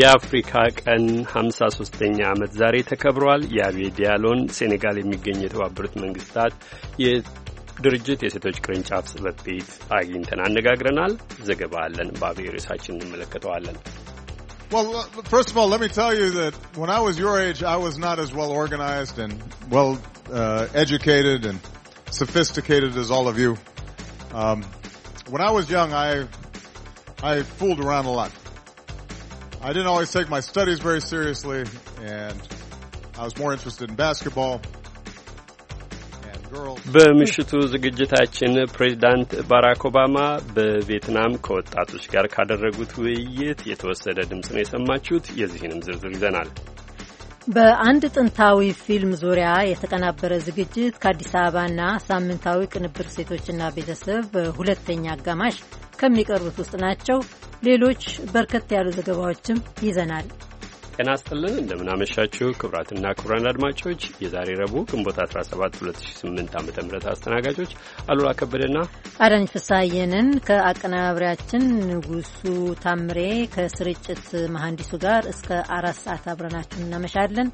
የአፍሪካ ቀን 53ኛ ዓመት ዛሬ ተከብሯል። የአቤዲያሎን ዲያሎን ሴኔጋል የሚገኝ የተባበሩት መንግስታት ድርጅት የሴቶች ቅርንጫፍ ጽሕፈት ቤት አግኝተን አነጋግረናል። ዘገባ አለን። በአብሔር ርዕሳችን እንመለከተዋለን። lot. I didn't always take my studies very seriously, and I was more interested in basketball. በምሽቱ ዝግጅታችን ፕሬዚዳንት ባራክ ኦባማ በቪየትናም ከወጣቶች ጋር ካደረጉት ውይይት የተወሰደ ድምፅ ነው የሰማችሁት። የዚህንም ዝርዝር ይዘናል። በአንድ ጥንታዊ ፊልም ዙሪያ የተቀናበረ ዝግጅት ከአዲስ አበባና ሳምንታዊ ቅንብር ሴቶችና ቤተሰብ በሁለተኛ አጋማሽ ከሚቀርቡት ውስጥ ናቸው። ሌሎች በርከት ያሉ ዘገባዎችም ይዘናል። ጤና ይስጥልን እንደምናመሻችሁ ክቡራትና ክቡራን አድማጮች የዛሬ ረቡዕ ግንቦት 17 2008 ዓ ም አስተናጋጆች አሉላ ከበደና አዳነች ፍስሐየንን ከአቀናባሪያችን ንጉሱ ታምሬ ከስርጭት መሐንዲሱ ጋር እስከ አራት ሰዓት አብረናችሁ እናመሻለን።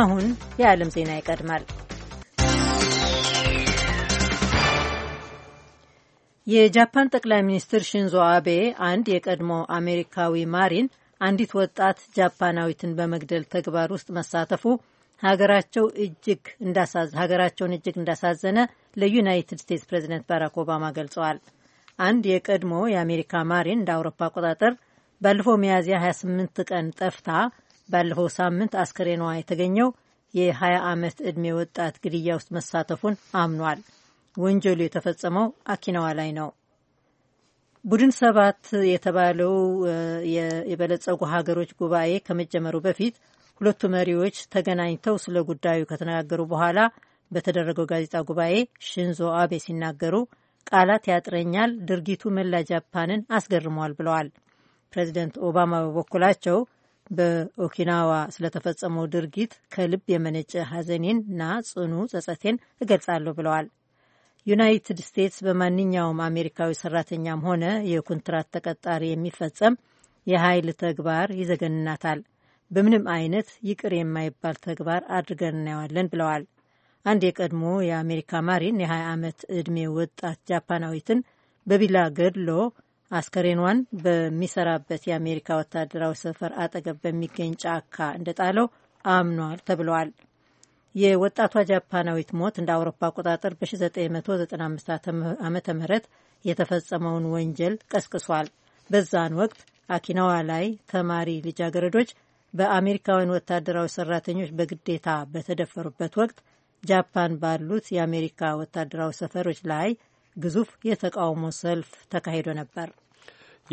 አሁን የዓለም ዜና ይቀድማል። የጃፓን ጠቅላይ ሚኒስትር ሽንዞ አቤ አንድ የቀድሞ አሜሪካዊ ማሪን አንዲት ወጣት ጃፓናዊትን በመግደል ተግባር ውስጥ መሳተፉ ሀገራቸው እጅግ ሀገራቸውን እጅግ እንዳሳዘነ ለዩናይትድ ስቴትስ ፕሬዚደንት ባራክ ኦባማ ገልጸዋል። አንድ የቀድሞ የአሜሪካ ማሪን እንደ አውሮፓ አቆጣጠር ባለፈው ሚያዝያ 28 ቀን ጠፍታ ባለፈው ሳምንት አስከሬኗ የተገኘው የ20 ዓመት ዕድሜ ወጣት ግድያ ውስጥ መሳተፉን አምኗል። ወንጀሉ የተፈጸመው አኪናዋ ላይ ነው። ቡድን ሰባት የተባለው የበለጸጉ ሀገሮች ጉባኤ ከመጀመሩ በፊት ሁለቱ መሪዎች ተገናኝተው ስለ ጉዳዩ ከተነጋገሩ በኋላ በተደረገው ጋዜጣ ጉባኤ ሽንዞ አቤ ሲናገሩ ቃላት ያጥረኛል፣ ድርጊቱ መላ ጃፓንን አስገርሟል ብለዋል። ፕሬዚደንት ኦባማ በበኩላቸው በኦኪናዋ ስለተፈጸመው ድርጊት ከልብ የመነጨ ሀዘኔን እና ጽኑ ጸጸቴን እገልጻለሁ ብለዋል። ዩናይትድ ስቴትስ በማንኛውም አሜሪካዊ ሰራተኛም ሆነ የኮንትራት ተቀጣሪ የሚፈጸም የኃይል ተግባር ይዘገንናታል፣ በምንም አይነት ይቅር የማይባል ተግባር አድርገን እናየዋለን ብለዋል። አንድ የቀድሞ የአሜሪካ ማሪን የ20 ዓመት ዕድሜ ወጣት ጃፓናዊትን በቢላ ገድሎ አስከሬኗን በሚሰራበት የአሜሪካ ወታደራዊ ሰፈር አጠገብ በሚገኝ ጫካ እንደጣለው አምኗል ተብለዋል። የወጣቷ ጃፓናዊት ሞት እንደ አውሮፓ አቆጣጠር በ1995 ዓ ም የተፈጸመውን ወንጀል ቀስቅሷል። በዛን ወቅት አኪናዋ ላይ ተማሪ ልጃገረዶች በአሜሪካውያን ወታደራዊ ሰራተኞች በግዴታ በተደፈሩበት ወቅት ጃፓን ባሉት የአሜሪካ ወታደራዊ ሰፈሮች ላይ ግዙፍ የተቃውሞ ሰልፍ ተካሂዶ ነበር።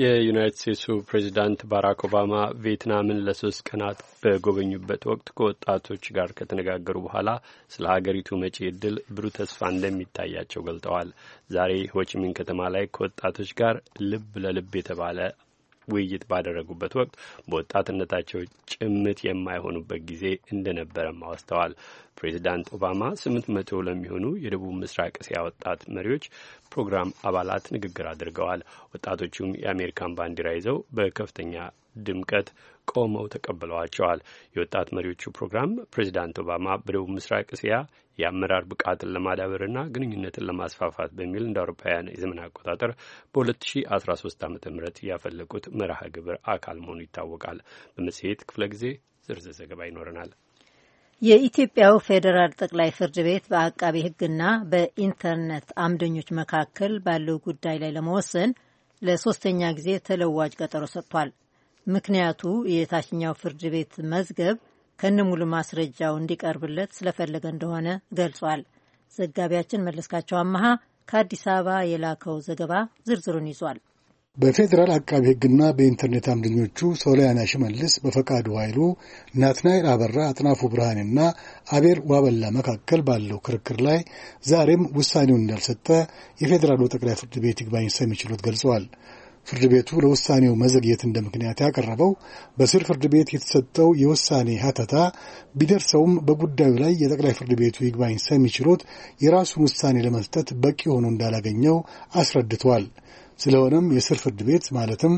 የዩናይት ስቴትሱ ፕሬዚዳንት ባራክ ኦባማ ቪየትናምን ለሶስት ቀናት በጎበኙበት ወቅት ከወጣቶች ጋር ከተነጋገሩ በኋላ ስለ ሀገሪቱ መጪ እድል ብሩህ ተስፋ እንደሚታያቸው ገልጠዋል። ዛሬ ሆችሚን ከተማ ላይ ከወጣቶች ጋር ልብ ለልብ የተባለ ውይይት ባደረጉበት ወቅት በወጣትነታቸው ጭምት የማይሆኑበት ጊዜ እንደነበረም አወስተዋል። ፕሬዚዳንት ኦባማ ስምንት መቶ ለሚሆኑ የደቡብ ምስራቅ እስያ ወጣት መሪዎች ፕሮግራም አባላት ንግግር አድርገዋል። ወጣቶቹም የአሜሪካን ባንዲራ ይዘው በከፍተኛ ድምቀት ቆመው ተቀብለዋቸዋል። የወጣት መሪዎቹ ፕሮግራም ፕሬዚዳንት ኦባማ በደቡብ ምስራቅ እስያ የአመራር ብቃትን ለማዳበርና ግንኙነትን ለማስፋፋት በሚል እንደ አውሮፓውያን የዘመን አቆጣጠር በ2013 ዓ ም ያፈለቁት መርሃ ግብር አካል መሆኑ ይታወቃል። በመጽሔት ክፍለ ጊዜ ዝርዝር ዘገባ ይኖረናል። የኢትዮጵያው ፌዴራል ጠቅላይ ፍርድ ቤት በአቃቢ ሕግና በኢንተርኔት አምደኞች መካከል ባለው ጉዳይ ላይ ለመወሰን ለሶስተኛ ጊዜ ተለዋጭ ቀጠሮ ሰጥቷል። ምክንያቱ የታችኛው ፍርድ ቤት መዝገብ ከነሙሉ ማስረጃው እንዲቀርብለት ስለፈለገ እንደሆነ ገልጿል። ዘጋቢያችን መለስካቸው አመሃ ከአዲስ አበባ የላከው ዘገባ ዝርዝሩን ይዟል። በፌዴራል አቃቢ ሕግና በኢንተርኔት አምደኞቹ ሶልያና ሽመልስ፣ በፈቃዱ ኃይሉ፣ ናትናኤል አበራ፣ አጥናፉ ብርሃኔና አቤል ዋበላ መካከል ባለው ክርክር ላይ ዛሬም ውሳኔውን እንዳልሰጠ የፌዴራሉ ጠቅላይ ፍርድ ቤት ይግባኝ ሰሚ ችሎት ገልጸዋል። ፍርድ ቤቱ ለውሳኔው መዘግየት እንደ ምክንያት ያቀረበው በስር ፍርድ ቤት የተሰጠው የውሳኔ ሀተታ ቢደርሰውም በጉዳዩ ላይ የጠቅላይ ፍርድ ቤቱ ይግባኝ ሰሚ ችሎት የራሱን ውሳኔ ለመስጠት በቂ ሆኖ እንዳላገኘው አስረድቷል። ስለሆነም የስር ፍርድ ቤት ማለትም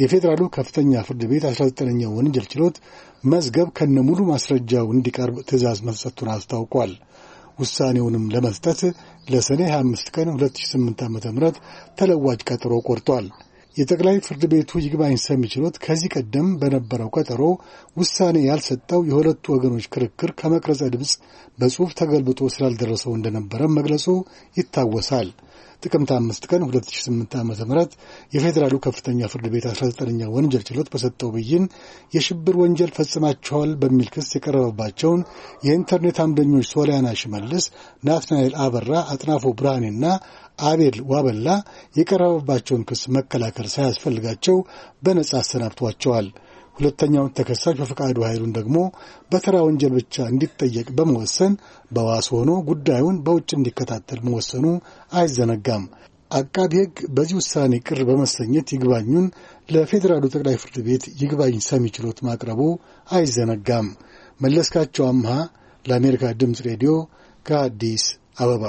የፌዴራሉ ከፍተኛ ፍርድ ቤት 19ኛው ወንጀል ችሎት መዝገብ ከነ ሙሉ ማስረጃው እንዲቀርብ ትዕዛዝ መስጠቱን አስታውቋል። ውሳኔውንም ለመስጠት ለሰኔ 25 ቀን 2008 ዓ ም ተለዋጭ ቀጠሮ ቆርጧል። የጠቅላይ ፍርድ ቤቱ ይግባኝ ሰሚ ችሎት ከዚህ ቀደም በነበረው ቀጠሮ ውሳኔ ያልሰጠው የሁለቱ ወገኖች ክርክር ከመቅረጸ ድምፅ በጽሑፍ ተገልብጦ ስላልደረሰው እንደነበረ መግለጹ ይታወሳል። ጥቅምት አምስት ቀን 2008 ዓ ም የፌዴራሉ ከፍተኛ ፍርድ ቤት 19ኛ ወንጀል ችሎት በሰጠው ብይን የሽብር ወንጀል ፈጽማቸኋል በሚል ክስ የቀረበባቸውን የኢንተርኔት አምደኞች ሶሊያና ሽመልስ፣ ናትናኤል አበራ፣ አጥናፎ ብርሃኔና አቤል ዋበላ የቀረበባቸውን ክስ መከላከል ሳያስፈልጋቸው በነጻ አሰናብቷቸዋል። ሁለተኛውን ተከሳሽ በፈቃዱ ኃይሉን ደግሞ በተራ ወንጀል ብቻ እንዲጠየቅ በመወሰን በዋስ ሆኖ ጉዳዩን በውጭ እንዲከታተል መወሰኑ አይዘነጋም። አቃቢ ሕግ በዚህ ውሳኔ ቅር በመሰኘት ይግባኙን ለፌዴራሉ ጠቅላይ ፍርድ ቤት ይግባኝ ሰሚ ችሎት ማቅረቡ አይዘነጋም። መለስካቸው አምሃ ለአሜሪካ ድምፅ ሬዲዮ ከአዲስ አበባ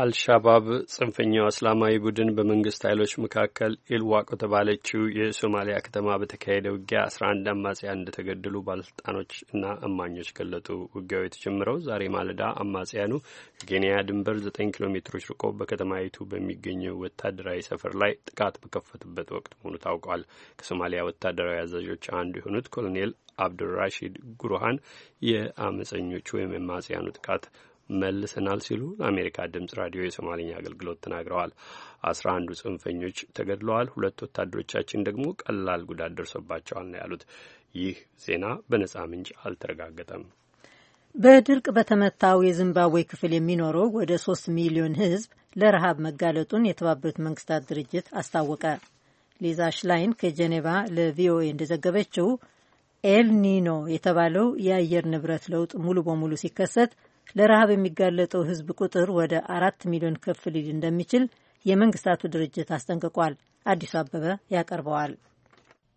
አልሻባብ ጽንፈኛው እስላማዊ ቡድን በመንግስት ኃይሎች መካከል ኢልዋቅ በተባለችው የሶማሊያ ከተማ በተካሄደ ውጊያ አስራ አንድ አማጽያን እንደተገደሉ ባለስልጣኖች እና እማኞች ገለጡ። ውጊያው የተጀመረው ዛሬ ማለዳ አማጽያኑ ጌንያ ድንበር ዘጠኝ ኪሎ ሜትሮች ርቆ በከተማይቱ በሚገኘው ወታደራዊ ሰፈር ላይ ጥቃት በከፈቱበት ወቅት መሆኑ ታውቋል። ከሶማሊያ ወታደራዊ አዛዦች አንዱ የሆኑት ኮሎኔል አብዱራሺድ ጉሩሃን የአመፀኞቹ ወይም የማጽያኑ ጥቃት መልሰናል ሲሉ ለአሜሪካ ድምጽ ራዲዮ የሶማልኛ አገልግሎት ተናግረዋል። አስራ አንዱ ጽንፈኞች ተገድለዋል፣ ሁለት ወታደሮቻችን ደግሞ ቀላል ጉዳት ደርሶባቸዋል ነው ያሉት። ይህ ዜና በነጻ ምንጭ አልተረጋገጠም። በድርቅ በተመታው የዚምባብዌ ክፍል የሚኖረው ወደ ሶስት ሚሊዮን ሕዝብ ለረሃብ መጋለጡን የተባበሩት መንግስታት ድርጅት አስታወቀ። ሊዛ ሽላይን ከጄኔቫ ለቪኦኤ እንደዘገበችው ኤልኒኖ የተባለው የአየር ንብረት ለውጥ ሙሉ በሙሉ ሲከሰት ለረሃብ የሚጋለጠው ህዝብ ቁጥር ወደ አራት ሚሊዮን ከፍ ሊል እንደሚችል የመንግስታቱ ድርጅት አስጠንቅቋል። አዲሱ አበበ ያቀርበዋል።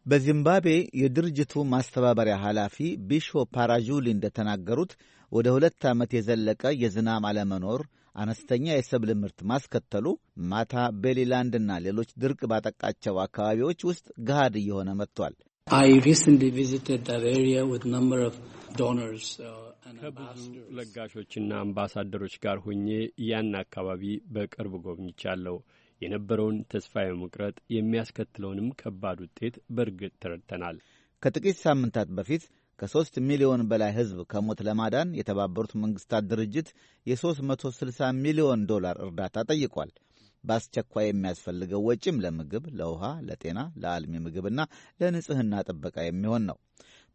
በዚምባብዌ የድርጅቱ ማስተባበሪያ ኃላፊ ቢሾ ፓራጁሊ እንደተናገሩት ወደ ሁለት ዓመት የዘለቀ የዝናብ አለመኖር አነስተኛ የሰብል ምርት ማስከተሉ ማታ ቤሊላንድና ሌሎች ድርቅ ባጠቃቸው አካባቢዎች ውስጥ ገሃድ እየሆነ መጥቷል። ከብዙ ለጋሾችና አምባሳደሮች ጋር ሁኜ ያን አካባቢ በቅርብ ጎብኝቻለሁ። የነበረውን ተስፋ የመቁረጥ የሚያስከትለውንም ከባድ ውጤት በእርግጥ ተረድተናል። ከጥቂት ሳምንታት በፊት ከሦስት ሚሊዮን በላይ ሕዝብ ከሞት ለማዳን የተባበሩት መንግሥታት ድርጅት የ360 ሚሊዮን ዶላር እርዳታ ጠይቋል። በአስቸኳይ የሚያስፈልገው ወጪም ለምግብ፣ ለውሃ፣ ለጤና፣ ለአልሚ ምግብና ለንጽሕና ጥበቃ የሚሆን ነው።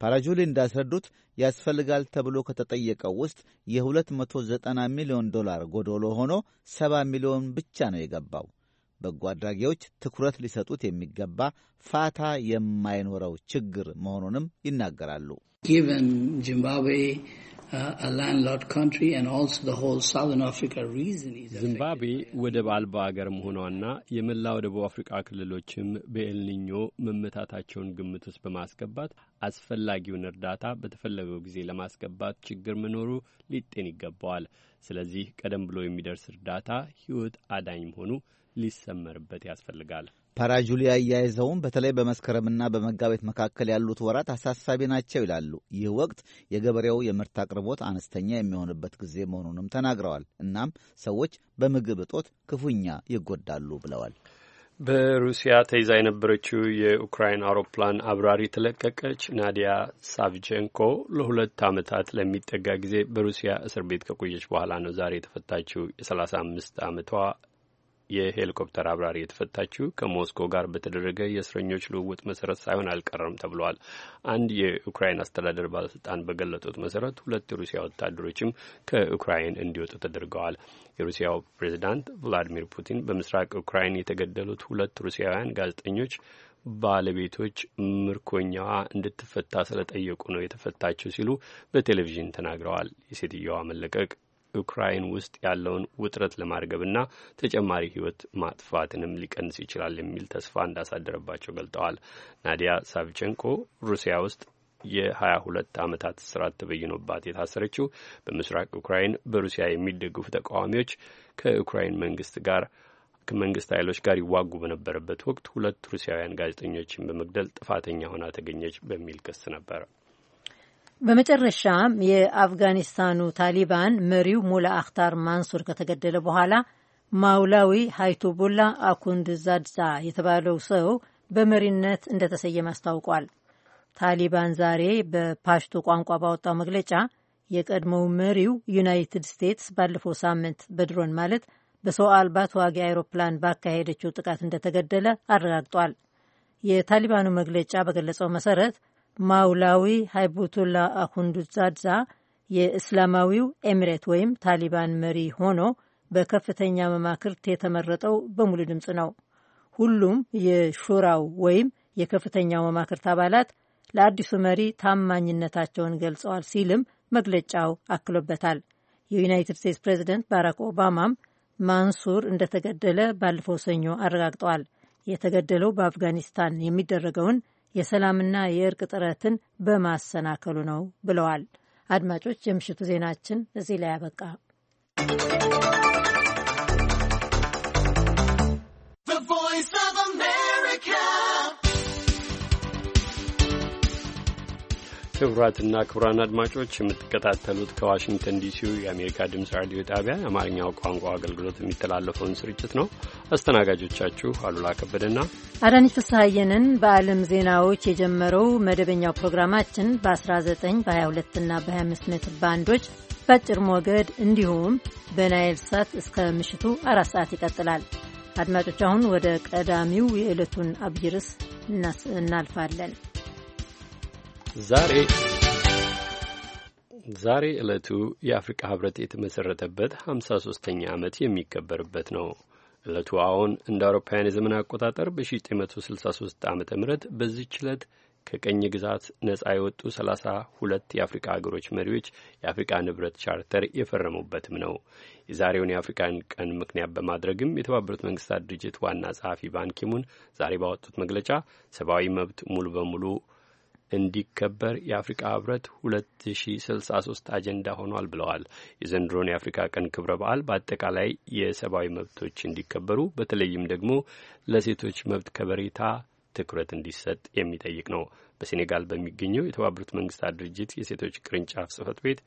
ፓራጁሊ እንዳስረዱት ያስፈልጋል ተብሎ ከተጠየቀው ውስጥ የ290 ሚሊዮን ዶላር ጎዶሎ ሆኖ 70 ሚሊዮን ብቻ ነው የገባው። በጎ አድራጊዎች ትኩረት ሊሰጡት የሚገባ ፋታ የማይኖረው ችግር መሆኑንም ይናገራሉ። ዚምባብዌ ዚምባብዌ uh, ወደብ አልባ አገር መሆኗና የመላው ደቡብ አፍሪቃ ክልሎችም በኤልኒኞ መመታታቸውን ግምት ውስጥ በማስገባት አስፈላጊውን እርዳታ በተፈለገው ጊዜ ለማስገባት ችግር መኖሩ ሊጤን ይገባዋል። ስለዚህ ቀደም ብሎ የሚደርስ እርዳታ ሕይወት አዳኝ መሆኑ ሊሰመርበት ያስፈልጋል። ፓራጁሊ አያይዘውም በተለይ በመስከረምና በመጋቤት መካከል ያሉት ወራት አሳሳቢ ናቸው ይላሉ። ይህ ወቅት የገበሬው የምርት አቅርቦት አነስተኛ የሚሆንበት ጊዜ መሆኑንም ተናግረዋል። እናም ሰዎች በምግብ እጦት ክፉኛ ይጎዳሉ ብለዋል። በሩሲያ ተይዛ የነበረችው የኡክራይን አውሮፕላን አብራሪ ተለቀቀች። ናዲያ ሳቭቼንኮ ለሁለት ዓመታት ለሚጠጋ ጊዜ በሩሲያ እስር ቤት ከቆየች በኋላ ነው ዛሬ የተፈታችው። የ35 ዓመቷ የሄሊኮፕተር አብራሪ የተፈታችው ከሞስኮ ጋር በተደረገ የእስረኞች ልውውጥ መሰረት ሳይሆን አልቀረም ተብሏል። አንድ የዩክራይን አስተዳደር ባለስልጣን በገለጡት መሰረት ሁለት የሩሲያ ወታደሮችም ከዩክራይን እንዲወጡ ተደርገዋል። የሩሲያው ፕሬዚዳንት ቭላዲሚር ፑቲን በምስራቅ ዩክራይን የተገደሉት ሁለት ሩሲያውያን ጋዜጠኞች ባለቤቶች ምርኮኛዋ እንድትፈታ ስለጠየቁ ነው የተፈታችው ሲሉ በቴሌቪዥን ተናግረዋል። የሴትየዋ መለቀቅ ዩክራይን ውስጥ ያለውን ውጥረት ለማርገብና ተጨማሪ ህይወት ማጥፋትንም ሊቀንስ ይችላል የሚል ተስፋ እንዳሳደረባቸው ገልጠዋል። ናዲያ ሳቪቸንኮ ሩሲያ ውስጥ የሀያ ሁለት ዓመታት እስራት ተበይኖባት የታሰረችው በምስራቅ ዩክራይን በሩሲያ የሚደግፉ ተቃዋሚዎች ከዩክራይን መንግስት ጋር ከመንግስት ኃይሎች ጋር ይዋጉ በነበረበት ወቅት ሁለት ሩሲያውያን ጋዜጠኞችን በመግደል ጥፋተኛ ሆና ተገኘች በሚል ክስ ነበር። በመጨረሻም የአፍጋኒስታኑ ታሊባን መሪው ሙላ አክታር ማንሱር ከተገደለ በኋላ ማውላዊ ሃይቱቡላ አኩንድ ዛድዛ የተባለው ሰው በመሪነት እንደተሰየመ አስታውቋል። ታሊባን ዛሬ በፓሽቶ ቋንቋ ባወጣው መግለጫ የቀድሞው መሪው ዩናይትድ ስቴትስ ባለፈው ሳምንት በድሮን ማለት በሰው አልባ ተዋጊ አይሮፕላን ባካሄደችው ጥቃት እንደተገደለ አረጋግጧል። የታሊባኑ መግለጫ በገለጸው መሰረት ማውላዊ ሃይቦቱላ አሁንዱዛዛ የእስላማዊው ኤሚሬት ወይም ታሊባን መሪ ሆኖ በከፍተኛ መማክርት የተመረጠው በሙሉ ድምፅ ነው። ሁሉም የሹራው ወይም የከፍተኛው መማክርት አባላት ለአዲሱ መሪ ታማኝነታቸውን ገልጸዋል ሲልም መግለጫው አክሎበታል። የዩናይትድ ስቴትስ ፕሬዚደንት ባራክ ኦባማም ማንሱር እንደተገደለ ባለፈው ሰኞ አረጋግጠዋል። የተገደለው በአፍጋኒስታን የሚደረገውን የሰላምና የእርቅ ጥረትን በማሰናከሉ ነው ብለዋል። አድማጮች፣ የምሽቱ ዜናችን እዚህ ላይ አበቃ? ክቡራትና ክቡራን አድማጮች የምትከታተሉት ከዋሽንግተን ዲሲው የአሜሪካ ድምፅ ራዲዮ ጣቢያ የአማርኛው ቋንቋ አገልግሎት የሚተላለፈውን ስርጭት ነው። አስተናጋጆቻችሁ አሉላ ከበደና አዳነች ፍስሐየንን በዓለም ዜናዎች የጀመረው መደበኛው ፕሮግራማችን በ19 በ22ና በ25 ሜትር ባንዶች በአጭር ሞገድ እንዲሁም በናይል ሳት እስከ ምሽቱ አራት ሰዓት ይቀጥላል። አድማጮች አሁን ወደ ቀዳሚው የዕለቱን አብይ ርዕስ እናልፋለን። ዛሬ ዛሬ ዕለቱ የአፍሪካ ህብረት የተመሠረተበት ሀምሳ ሶስተኛ ዓመት የሚከበርበት ነው። ዕለቱ አሁን እንደ አውሮፓውያን የዘመን አቆጣጠር በ1963 ዓ ም በዚህች ዕለት ከቀኝ ግዛት ነጻ የወጡ ሰላሳ ሁለት የአፍሪካ አገሮች መሪዎች የአፍሪካ ንብረት ቻርተር የፈረሙበትም ነው። የዛሬውን የአፍሪካን ቀን ምክንያት በማድረግም የተባበሩት መንግስታት ድርጅት ዋና ጸሐፊ ባንኪሙን ዛሬ ባወጡት መግለጫ ሰብአዊ መብት ሙሉ በሙሉ እንዲከበር የአፍሪካ ህብረት 2063 አጀንዳ ሆኗል ብለዋል። የዘንድሮን የአፍሪካ ቀን ክብረ በዓል በአጠቃላይ የሰብአዊ መብቶች እንዲከበሩ በተለይም ደግሞ ለሴቶች መብት ከበሬታ ትኩረት እንዲሰጥ የሚጠይቅ ነው። በሴኔጋል በሚገኘው የተባበሩት መንግስታት ድርጅት የሴቶች ቅርንጫፍ ጽህፈት ቤት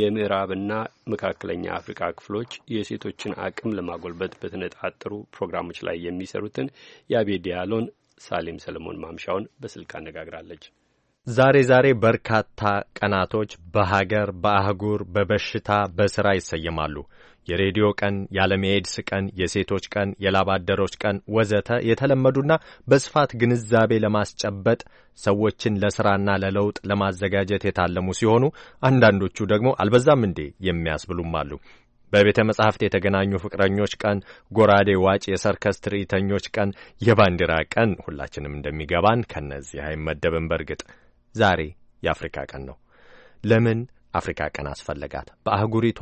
የምዕራብና መካከለኛ አፍሪካ ክፍሎች የሴቶችን አቅም ለማጎልበት በተነጣጠሩ ፕሮግራሞች ላይ የሚሰሩትን የአቤዲያሎን ሳሌም ሰለሞን ማምሻውን በስልክ አነጋግራለች። ዛሬ ዛሬ በርካታ ቀናቶች በሀገር በአህጉር በበሽታ በስራ ይሰየማሉ። የሬዲዮ ቀን፣ የዓለም ቀን፣ የሴቶች ቀን፣ የላባደሮች ቀን ወዘተ የተለመዱና በስፋት ግንዛቤ ለማስጨበጥ ሰዎችን ለስራና ለለውጥ ለማዘጋጀት የታለሙ ሲሆኑ አንዳንዶቹ ደግሞ አልበዛም እንዴ የሚያስብሉም አሉ። በቤተ መጻሕፍት የተገናኙ ፍቅረኞች ቀን፣ ጎራዴ ዋጭ የሰርከስ ትርኢተኞች ቀን፣ የባንዲራ ቀን ሁላችንም እንደሚገባን ከነዚህ አይመደብም። በእርግጥ ዛሬ የአፍሪካ ቀን ነው። ለምን አፍሪካ ቀን አስፈለጋት? በአህጉሪቷ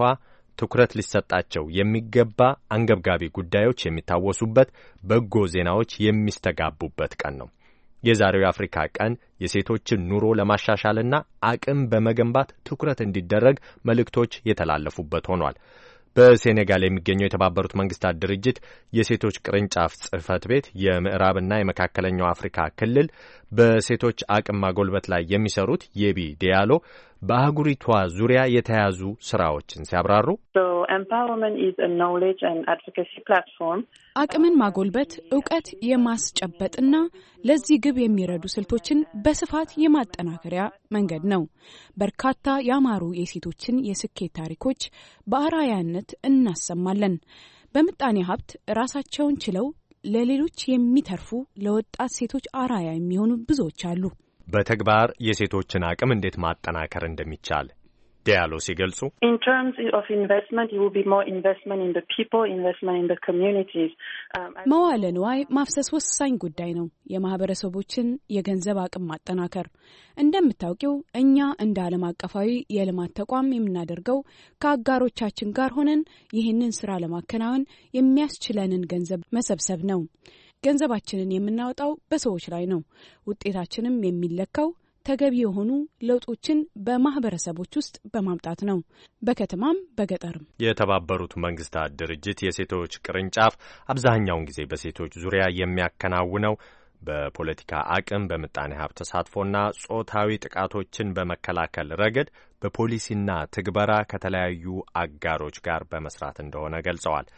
ትኩረት ሊሰጣቸው የሚገባ አንገብጋቢ ጉዳዮች የሚታወሱበት፣ በጎ ዜናዎች የሚስተጋቡበት ቀን ነው። የዛሬው የአፍሪካ ቀን የሴቶችን ኑሮ ለማሻሻልና አቅም በመገንባት ትኩረት እንዲደረግ መልእክቶች የተላለፉበት ሆኗል። በሴኔጋል የሚገኘው የተባበሩት መንግስታት ድርጅት የሴቶች ቅርንጫፍ ጽህፈት ቤት የምዕራብና የመካከለኛው አፍሪካ ክልል በሴቶች አቅም ማጎልበት ላይ የሚሰሩት የቢ ዲያሎ በአህጉሪቷ ዙሪያ የተያዙ ስራዎችን ሲያብራሩ አቅምን ማጎልበት፣ እውቀት የማስጨበጥና ለዚህ ግብ የሚረዱ ስልቶችን በስፋት የማጠናከሪያ መንገድ ነው። በርካታ ያማሩ የሴቶችን የስኬት ታሪኮች በአራያነት እናሰማለን። በምጣኔ ሀብት ራሳቸውን ችለው ለሌሎች የሚተርፉ ለወጣት ሴቶች አራያ የሚሆኑ ብዙዎች አሉ። በተግባር የሴቶችን አቅም እንዴት ማጠናከር እንደሚቻል ዲያሎ ሲገልጹ um, መዋለ ንዋይ ማፍሰስ ወሳኝ ጉዳይ ነው። የማህበረሰቦችን የገንዘብ አቅም ማጠናከር። እንደምታውቂው እኛ እንደ ዓለም አቀፋዊ የልማት ተቋም የምናደርገው ከአጋሮቻችን ጋር ሆነን ይህንን ስራ ለማከናወን የሚያስችለንን ገንዘብ መሰብሰብ ነው። ገንዘባችንን የምናወጣው በሰዎች ላይ ነው። ውጤታችንም የሚለካው ተገቢ የሆኑ ለውጦችን በማህበረሰቦች ውስጥ በማምጣት ነው፣ በከተማም በገጠርም። የተባበሩት መንግስታት ድርጅት የሴቶች ቅርንጫፍ አብዛኛውን ጊዜ በሴቶች ዙሪያ የሚያከናውነው በፖለቲካ አቅም፣ በምጣኔ ሀብት ተሳትፎና ጾታዊ ጥቃቶችን በመከላከል ረገድ በፖሊሲና ትግበራ ከተለያዩ አጋሮች ጋር በመስራት እንደሆነ ገልጸዋል።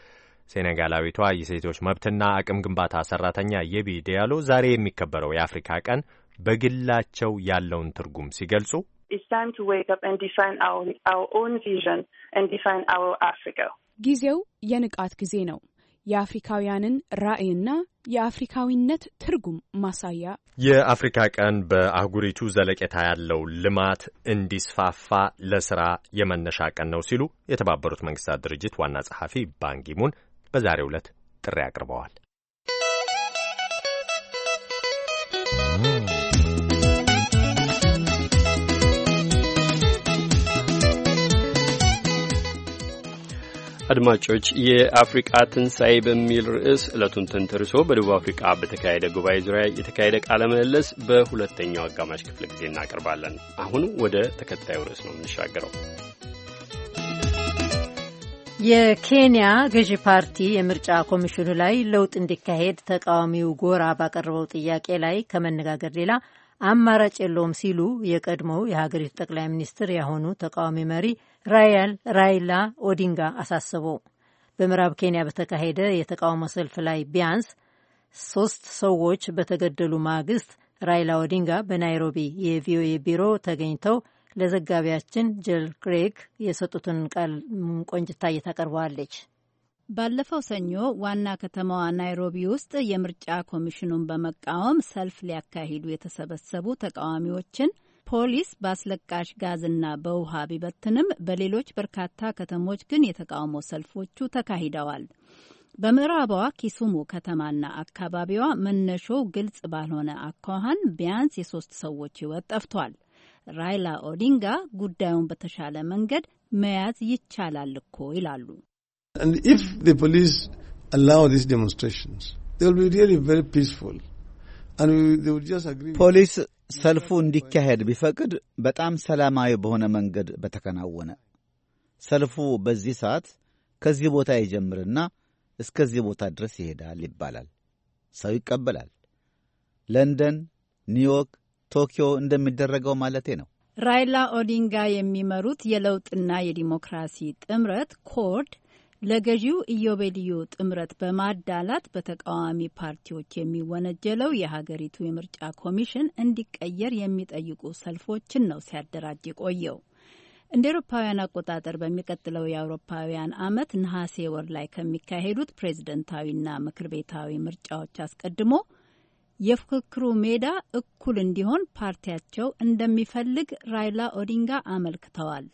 ሴኔጋላዊቷ የሴቶች መብትና አቅም ግንባታ ሰራተኛ የቢ ዲያሎ ዛሬ የሚከበረው የአፍሪካ ቀን በግላቸው ያለውን ትርጉም ሲገልጹ ጊዜው የንቃት ጊዜ ነው። የአፍሪካውያንን ራዕይና የአፍሪካዊነት ትርጉም ማሳያ የአፍሪካ ቀን በአህጉሪቱ ዘለቄታ ያለው ልማት እንዲስፋፋ ለስራ የመነሻ ቀን ነው ሲሉ የተባበሩት መንግስታት ድርጅት ዋና ጸሐፊ ባንኪሙን በዛሬው ዕለት ጥሪ አቅርበዋል። አድማጮች የአፍሪቃ ትንሣኤ በሚል ርዕስ ዕለቱን ተንተርሶ በደቡብ አፍሪቃ በተካሄደ ጉባኤ ዙሪያ የተካሄደ ቃለ ምልልስ በሁለተኛው አጋማሽ ክፍለ ጊዜ እናቀርባለን። አሁን ወደ ተከታዩ ርዕስ ነው የምንሻገረው። የኬንያ ገዢ ፓርቲ የምርጫ ኮሚሽኑ ላይ ለውጥ እንዲካሄድ ተቃዋሚው ጎራ ባቀረበው ጥያቄ ላይ ከመነጋገር ሌላ አማራጭ የለውም ሲሉ የቀድሞው የሀገሪቱ ጠቅላይ ሚኒስትር ያሆኑ ተቃዋሚ መሪ ራያል ራይላ ኦዲንጋ አሳሰቡ። በምዕራብ ኬንያ በተካሄደ የተቃውሞ ሰልፍ ላይ ቢያንስ ሶስት ሰዎች በተገደሉ ማግስት ራይላ ኦዲንጋ በናይሮቢ የቪኦኤ ቢሮ ተገኝተው ለዘጋቢያችን ጀል ክሬግ የሰጡትን ቃል ቆንጅታ እየታቀርበዋለች። ባለፈው ሰኞ ዋና ከተማዋ ናይሮቢ ውስጥ የምርጫ ኮሚሽኑን በመቃወም ሰልፍ ሊያካሂዱ የተሰበሰቡ ተቃዋሚዎችን ፖሊስ በአስለቃሽ ጋዝና በውሃ ቢበትንም በሌሎች በርካታ ከተሞች ግን የተቃውሞ ሰልፎቹ ተካሂደዋል። በምዕራቧ ኪሱሙ ከተማና አካባቢዋ መነሾው ግልጽ ባልሆነ አኳኋን ቢያንስ የሶስት ሰዎች ሕይወት ጠፍቷል። ራይላ ኦዲንጋ ጉዳዩን በተሻለ መንገድ መያዝ ይቻላል እኮ ይላሉ። ፖሊስ ሰልፉ እንዲካሄድ ቢፈቅድ በጣም ሰላማዊ በሆነ መንገድ በተከናወነ ሰልፉ በዚህ ሰዓት ከዚህ ቦታ ይጀምርና እስከዚህ ቦታ ድረስ ይሄዳል ይባላል። ሰው ይቀበላል። ለንደን፣ ኒውዮርክ ቶኪዮ እንደሚደረገው ማለቴ ነው። ራይላ ኦዲንጋ የሚመሩት የለውጥና የዲሞክራሲ ጥምረት ኮርድ ለገዢው ኢዮቤልዩ ጥምረት በማዳላት በተቃዋሚ ፓርቲዎች የሚወነጀለው የሀገሪቱ የምርጫ ኮሚሽን እንዲቀየር የሚጠይቁ ሰልፎችን ነው ሲያደራጅ የቆየው። እንደ ኤሮፓውያን አቆጣጠር በሚቀጥለው የአውሮፓውያን አመት ነሐሴ ወር ላይ ከሚካሄዱት ፕሬዝደንታዊና ምክር ቤታዊ ምርጫዎች አስቀድሞ የፍክክሩ ሜዳ እኩል እንዲሆን ፓርቲያቸው እንደሚፈልግ ራይላ ኦዲንጋ አመልክተዋል።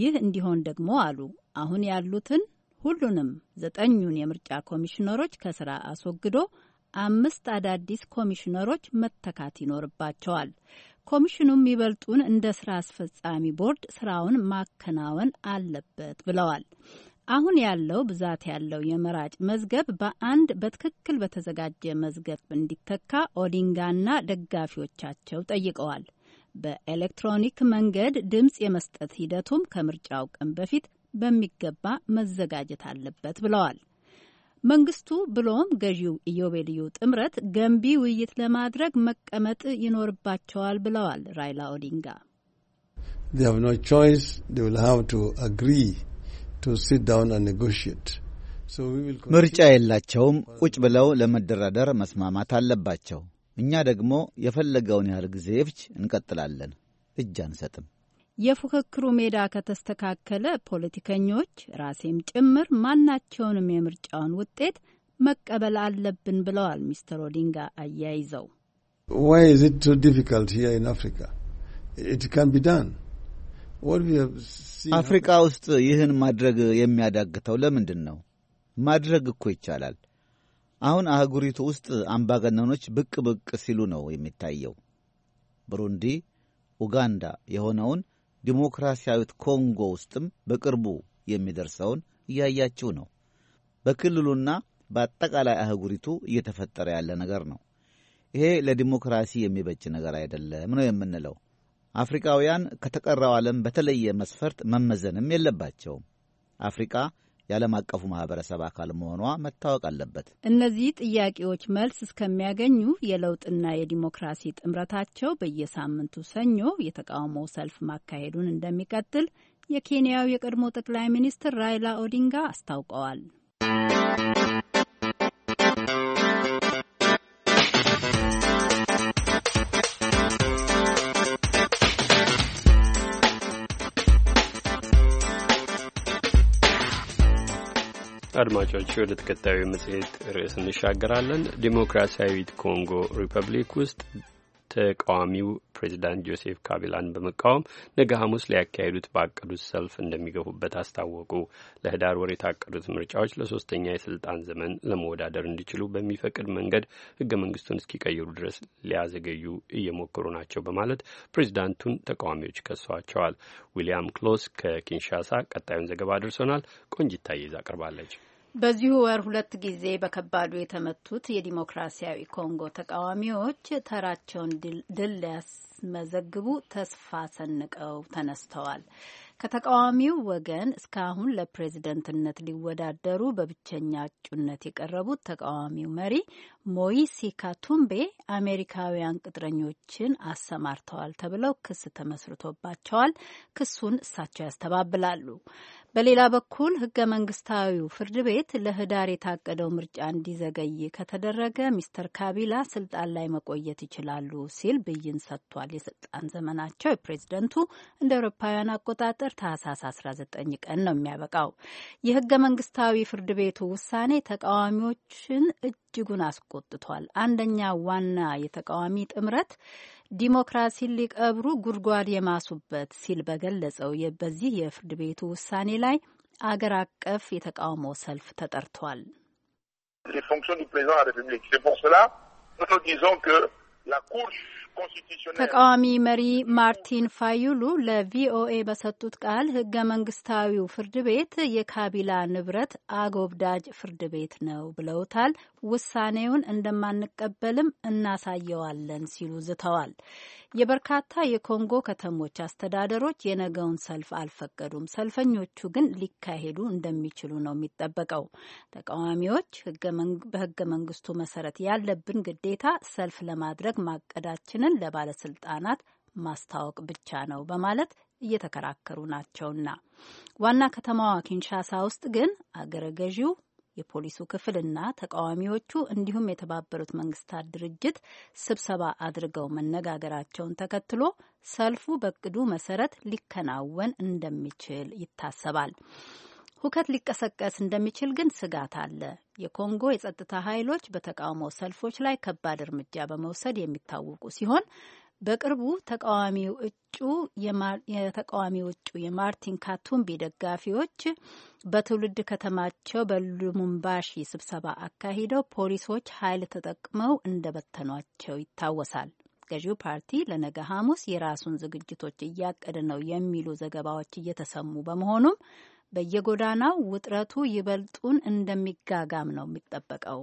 ይህ እንዲሆን ደግሞ አሉ አሁን ያሉትን ሁሉንም ዘጠኙን የምርጫ ኮሚሽነሮች ከስራ አስወግዶ አምስት አዳዲስ ኮሚሽነሮች መተካት ይኖርባቸዋል። ኮሚሽኑም ይበልጡን እንደ ስራ አስፈጻሚ ቦርድ ስራውን ማከናወን አለበት ብለዋል። አሁን ያለው ብዛት ያለው የመራጭ መዝገብ በአንድ በትክክል በተዘጋጀ መዝገብ እንዲተካ ኦዲንጋና ደጋፊዎቻቸው ጠይቀዋል። በኤሌክትሮኒክ መንገድ ድምፅ የመስጠት ሂደቱም ከምርጫው ቀን በፊት በሚገባ መዘጋጀት አለበት ብለዋል። መንግስቱ ብሎም ገዢው ኢዮቤልዩ ጥምረት ገንቢ ውይይት ለማድረግ መቀመጥ ይኖርባቸዋል ብለዋል ራይላ ኦዲንጋ። ምርጫ የላቸውም። ቁጭ ብለው ለመደራደር መስማማት አለባቸው። እኛ ደግሞ የፈለገውን ያህል ጊዜ ፍች እንቀጥላለን፣ እጅ አንሰጥም። የፉክክሩ ሜዳ ከተስተካከለ ፖለቲከኞች ራሴም ጭምር ማናቸውንም የምርጫውን ውጤት መቀበል አለብን ብለዋል ሚስተር ኦዲንጋ አያይዘው አፍሪቃ ውስጥ ይህን ማድረግ የሚያዳግተው ለምንድን ነው? ማድረግ እኮ ይቻላል። አሁን አህጉሪቱ ውስጥ አምባገነኖች ብቅ ብቅ ሲሉ ነው የሚታየው። ብሩንዲ፣ ኡጋንዳ የሆነውን ዲሞክራሲያዊት ኮንጎ ውስጥም በቅርቡ የሚደርሰውን እያያችሁ ነው። በክልሉና በአጠቃላይ አህጉሪቱ እየተፈጠረ ያለ ነገር ነው። ይሄ ለዲሞክራሲ የሚበጅ ነገር አይደለም ነው የምንለው። አፍሪካውያን ከተቀረው ዓለም በተለየ መስፈርት መመዘንም የለባቸውም። አፍሪቃ የዓለም አቀፉ ማህበረሰብ አካል መሆኗ መታወቅ አለበት። እነዚህ ጥያቄዎች መልስ እስከሚያገኙ የለውጥና የዲሞክራሲ ጥምረታቸው በየሳምንቱ ሰኞ የተቃውሞ ሰልፍ ማካሄዱን እንደሚቀጥል የኬንያው የቀድሞ ጠቅላይ ሚኒስትር ራይላ ኦዲንጋ አስታውቀዋል። አድማጮች ወደ ተከታዩ መጽሔት ርዕስ እንሻገራለን። ዴሞክራሲያዊት ኮንጎ ሪፐብሊክ ውስጥ ተቃዋሚው ፕሬዚዳንት ጆሴፍ ካቢላን በመቃወም ነገ ሐሙስ ሊያካሄዱት ባቀዱት ሰልፍ እንደሚገፉበት አስታወቁ። ለህዳር ወር የታቀዱት ምርጫዎች ለሶስተኛ የስልጣን ዘመን ለመወዳደር እንዲችሉ በሚፈቅድ መንገድ ህገ መንግስቱን እስኪቀይሩ ድረስ ሊያዘገዩ እየሞከሩ ናቸው በማለት ፕሬዚዳንቱን ተቃዋሚዎች ከሷቸዋል። ዊሊያም ክሎስ ከኪንሻሳ ቀጣዩን ዘገባ አድርሶናል። ቆንጅታ ይዛ አቅርባለች። በዚሁ ወር ሁለት ጊዜ በከባዱ የተመቱት የዲሞክራሲያዊ ኮንጎ ተቃዋሚዎች ተራቸውን ድል ሊያስመዘግቡ ተስፋ ሰንቀው ተነስተዋል። ከተቃዋሚው ወገን እስካሁን ለፕሬዝደንትነት ሊወዳደሩ በብቸኛ እጩነት የቀረቡት ተቃዋሚው መሪ ሞይሲ ካቱምቤ አሜሪካውያን ቅጥረኞችን አሰማርተዋል ተብለው ክስ ተመስርቶባቸዋል። ክሱን እሳቸው ያስተባብላሉ። በሌላ በኩል ህገ መንግስታዊው ፍርድ ቤት ለህዳር የታቀደው ምርጫ እንዲዘገይ ከተደረገ ሚስተር ካቢላ ስልጣን ላይ መቆየት ይችላሉ ሲል ብይን ሰጥቷል። የስልጣን ዘመናቸው የፕሬዝደንቱ እንደ አውሮፓውያን አቆጣጠር ታህሳስ 19 ቀን ነው የሚያበቃው። የህገ መንግስታዊ ፍርድ ቤቱ ውሳኔ ተቃዋሚዎችን እጅጉን አስቆጥቷል። አንደኛ ዋና የተቃዋሚ ጥምረት ዲሞክራሲን ሊቀብሩ ጉድጓድ የማሱበት ሲል በገለጸው በዚህ የፍርድ ቤቱ ውሳኔ ላይ አገር አቀፍ የተቃውሞ ሰልፍ ተጠርቷል። ተቃዋሚ መሪ ማርቲን ፋዩሉ ለቪኦኤ በሰጡት ቃል ህገ መንግስታዊው ፍርድ ቤት የካቢላ ንብረት አጎብዳጅ ፍርድ ቤት ነው ብለውታል። ውሳኔውን እንደማንቀበልም እናሳየዋለን ሲሉ ዝተዋል። የበርካታ የኮንጎ ከተሞች አስተዳደሮች የነገውን ሰልፍ አልፈቀዱም። ሰልፈኞቹ ግን ሊካሄዱ እንደሚችሉ ነው የሚጠበቀው። ተቃዋሚዎች በህገ መንግስቱ መሰረት ያለብን ግዴታ ሰልፍ ለማድረግ ማቀዳችንን ለባለስልጣናት ማስታወቅ ብቻ ነው በማለት እየተከራከሩ ናቸውና ዋና ከተማዋ ኪንሻሳ ውስጥ ግን አገረ ገዢው የፖሊሱ ክፍልና ተቃዋሚዎቹ እንዲሁም የተባበሩት መንግስታት ድርጅት ስብሰባ አድርገው መነጋገራቸውን ተከትሎ ሰልፉ በእቅዱ መሰረት ሊከናወን እንደሚችል ይታሰባል። ሁከት ሊቀሰቀስ እንደሚችል ግን ስጋት አለ። የኮንጎ የጸጥታ ኃይሎች በተቃውሞ ሰልፎች ላይ ከባድ እርምጃ በመውሰድ የሚታወቁ ሲሆን በቅርቡ ተቃዋሚው እጩ የተቃዋሚው እጩ የማርቲን ካቱምቢ ደጋፊዎች በትውልድ ከተማቸው በሉሙምባሺ ስብሰባ አካሂደው ፖሊሶች ኃይል ተጠቅመው እንደበተኗቸው ይታወሳል። ገዢው ፓርቲ ለነገ ሐሙስ የራሱን ዝግጅቶች እያቀደ ነው የሚሉ ዘገባዎች እየተሰሙ በመሆኑም በየጎዳናው ውጥረቱ ይበልጡን እንደሚጋጋም ነው የሚጠበቀው።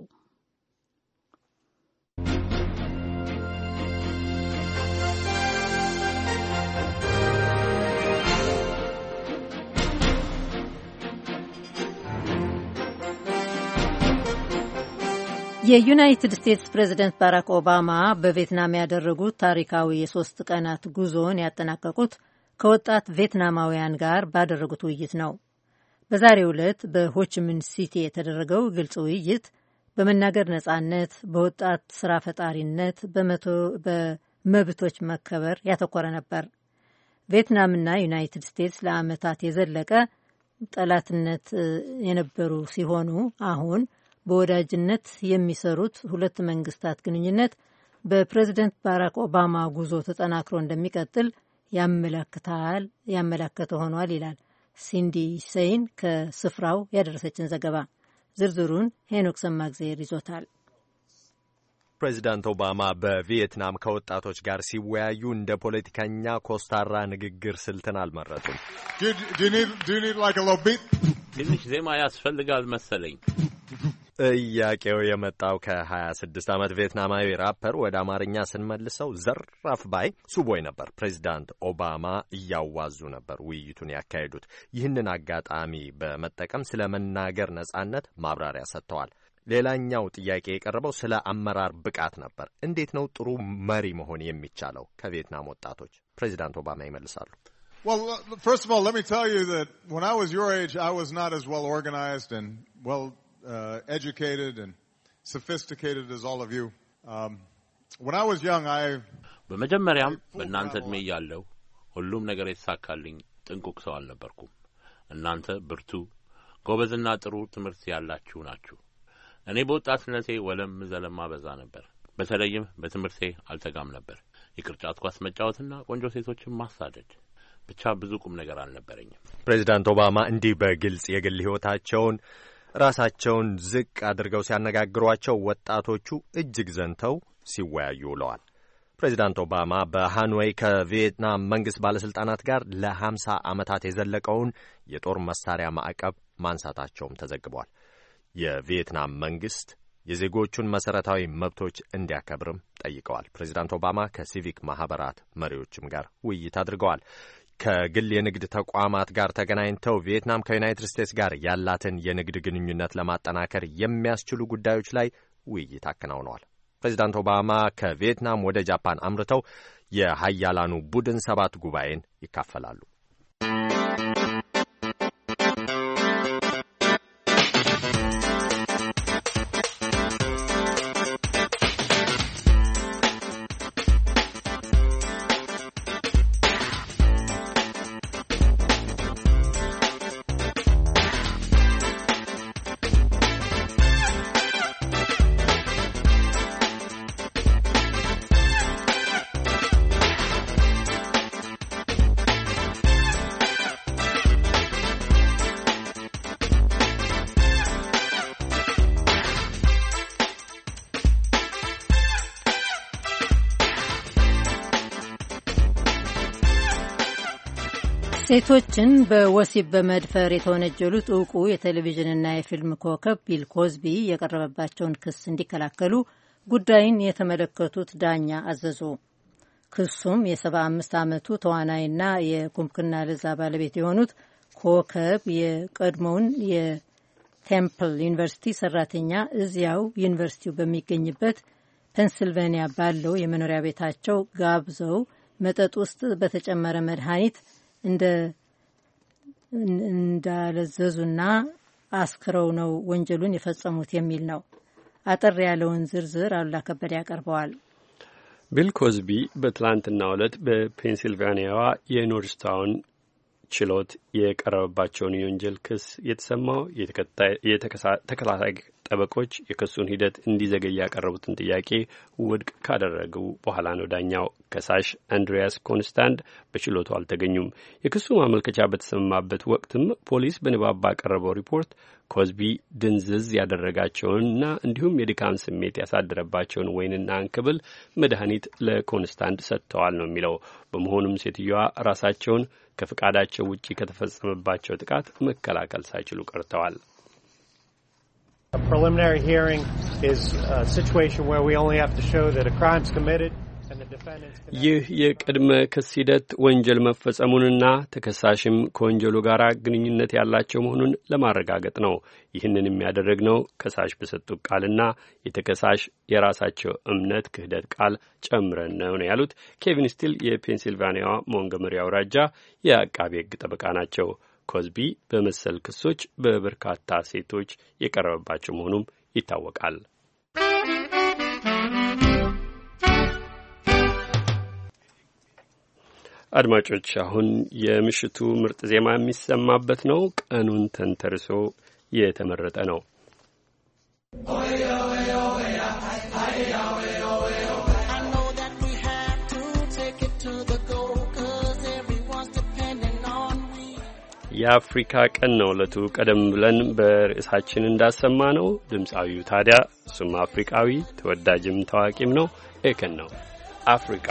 የዩናይትድ ስቴትስ ፕሬዚደንት ባራክ ኦባማ በቬትናም ያደረጉት ታሪካዊ የሶስት ቀናት ጉዞን ያጠናቀቁት ከወጣት ቬትናማውያን ጋር ባደረጉት ውይይት ነው። በዛሬው ዕለት በሆችምን ሲቲ የተደረገው ግልጽ ውይይት በመናገር ነጻነት፣ በወጣት ስራ ፈጣሪነት፣ በመብቶች መከበር ያተኮረ ነበር። ቬትናምና ዩናይትድ ስቴትስ ለዓመታት የዘለቀ ጠላትነት የነበሩ ሲሆኑ አሁን በወዳጅነት የሚሰሩት ሁለት መንግስታት ግንኙነት በፕሬዝደንት ባራክ ኦባማ ጉዞ ተጠናክሮ እንደሚቀጥል ያመለክታል ያመላከተ ሆኗል ይላል ሲንዲ ሰይን ከስፍራው ያደረሰችን ዘገባ። ዝርዝሩን ሄኖክ ሰማግዜር ይዞታል። ፕሬዚዳንት ኦባማ በቪየትናም ከወጣቶች ጋር ሲወያዩ እንደ ፖለቲከኛ ኮስታራ ንግግር ስልትን አልመረጡም። ትንሽ ዜማ ያስፈልጋል መሰለኝ። ጥያቄው የመጣው ከ26 ዓመት ቪየትናማዊ ራፐር ወደ አማርኛ ስንመልሰው ዘራፍ ባይ ሱቦይ ነበር። ፕሬዚዳንት ኦባማ እያዋዙ ነበር ውይይቱን ያካሄዱት። ይህንን አጋጣሚ በመጠቀም ስለ መናገር ነጻነት ማብራሪያ ሰጥተዋል። ሌላኛው ጥያቄ የቀረበው ስለ አመራር ብቃት ነበር። እንዴት ነው ጥሩ መሪ መሆን የሚቻለው ከቪየትናም ወጣቶች? ፕሬዚዳንት ኦባማ ይመልሳሉ። Well, first of all, let me tell you that when I was your age, I was not as well organized and well uh, educated and sophisticated as all of you. Um, when I was young, I በመጀመሪያም በእናንተ እድሜ እያለሁ ሁሉም ነገር የተሳካልኝ ጥንቁቅ ሰው አልነበርኩም። እናንተ ብርቱ ጎበዝና ጥሩ ትምህርት ያላችሁ ናችሁ። እኔ በወጣትነቴ ወለም ዘለማ በዛ ነበር። በተለይም በትምህርቴ አልተጋም ነበር። የቅርጫት ኳስ መጫወትና ቆንጆ ሴቶችን ማሳደድ ብቻ ብዙ ቁም ነገር አልነበረኝም። ፕሬዚዳንት ኦባማ እንዲህ በግልጽ የግል ሕይወታቸውን ራሳቸውን ዝቅ አድርገው ሲያነጋግሯቸው ወጣቶቹ እጅግ ዘንተው ሲወያዩ ውለዋል። ፕሬዚዳንት ኦባማ በሃኖይ ከቪየትናም መንግሥት ባለሥልጣናት ጋር ለ50 ዓመታት የዘለቀውን የጦር መሳሪያ ማዕቀብ ማንሳታቸውም ተዘግቧል። የቪየትናም መንግሥት የዜጎቹን መሠረታዊ መብቶች እንዲያከብርም ጠይቀዋል። ፕሬዚዳንት ኦባማ ከሲቪክ ማኅበራት መሪዎችም ጋር ውይይት አድርገዋል። ከግል የንግድ ተቋማት ጋር ተገናኝተው ቪየትናም ከዩናይትድ ስቴትስ ጋር ያላትን የንግድ ግንኙነት ለማጠናከር የሚያስችሉ ጉዳዮች ላይ ውይይት አከናውነዋል። ፕሬዚዳንት ኦባማ ከቪየትናም ወደ ጃፓን አምርተው የሀያላኑ ቡድን ሰባት ጉባኤን ይካፈላሉ። ሴቶችን በወሲብ በመድፈር የተወነጀሉት እውቁ የቴሌቪዥንና የፊልም ኮከብ ቢል ኮዝቢ የቀረበባቸውን ክስ እንዲከላከሉ ጉዳይን የተመለከቱት ዳኛ አዘዙ። ክሱም የ75 ዓመቱ ተዋናይና የኩምክና ለዛ ባለቤት የሆኑት ኮከብ የቀድሞውን የቴምፕል ዩኒቨርሲቲ ሰራተኛ እዚያው ዩኒቨርሲቲው በሚገኝበት ፔንስልቬንያ ባለው የመኖሪያ ቤታቸው ጋብዘው መጠጥ ውስጥ በተጨመረ መድኃኒት እንዳለዘዙና አስክረው ነው ወንጀሉን የፈጸሙት የሚል ነው። አጠር ያለውን ዝርዝር አሉላ ከበደ ያቀርበዋል። ቢል ኮዝቢ በትላንትና ዕለት በፔንሲልቫኒያዋ የኖርስታውን ችሎት የቀረበባቸውን የወንጀል ክስ የተሰማው የተከላካይ ጠበቆች የክሱን ሂደት እንዲዘገይ ያቀረቡትን ጥያቄ ውድቅ ካደረጉ በኋላ ነው። ዳኛው ከሳሽ አንድሪያስ ኮንስታንድ በችሎቱ አልተገኙም። የክሱ ማመልከቻ በተሰማበት ወቅትም ፖሊስ በንባብ ባቀረበው ሪፖርት ኮዝቢ ድንዝዝ ያደረጋቸውንና እንዲሁም የድካም ስሜት ያሳደረባቸውን ወይንና እንክብል መድኃኒት ለኮንስታንድ ሰጥተዋል ነው የሚለው። በመሆኑም ሴትዮዋ ራሳቸውን ከፍቃዳቸው ውጪ ከተፈጸመባቸው ጥቃት መከላከል ሳይችሉ ቀርተዋል። A preliminary hearing is a situation where we only have to show that a crime's committed. ይህ የቅድመ ክስ ሂደት ወንጀል መፈጸሙንና ተከሳሽም ከወንጀሉ ጋር ግንኙነት ያላቸው መሆኑን ለማረጋገጥ ነው። ይህንን የሚያደረግ ነው ከሳሽ በሰጡት ቃልና የተከሳሽ የራሳቸው እምነት ክህደት ቃል ጨምረን ነው ነው ያሉት ኬቪን ስቲል የፔንሲልቫኒያዋ ሞንጎመሪ አውራጃ የአቃቤ ሕግ ጠበቃ ናቸው። ኮዝቢ በመሰል ክሶች በበርካታ ሴቶች የቀረበባቸው መሆኑም ይታወቃል። አድማጮች አሁን የምሽቱ ምርጥ ዜማ የሚሰማበት ነው። ቀኑን ተንተርሶ የተመረጠ ነው። የአፍሪካ ቀን ነው ለቱ ቀደም ብለን በርዕሳችን እንዳሰማ ነው ድምፃዊው ታዲያ እሱም አፍሪቃዊ ተወዳጅም ታዋቂም ነው። ኤከን ነው አፍሪቃ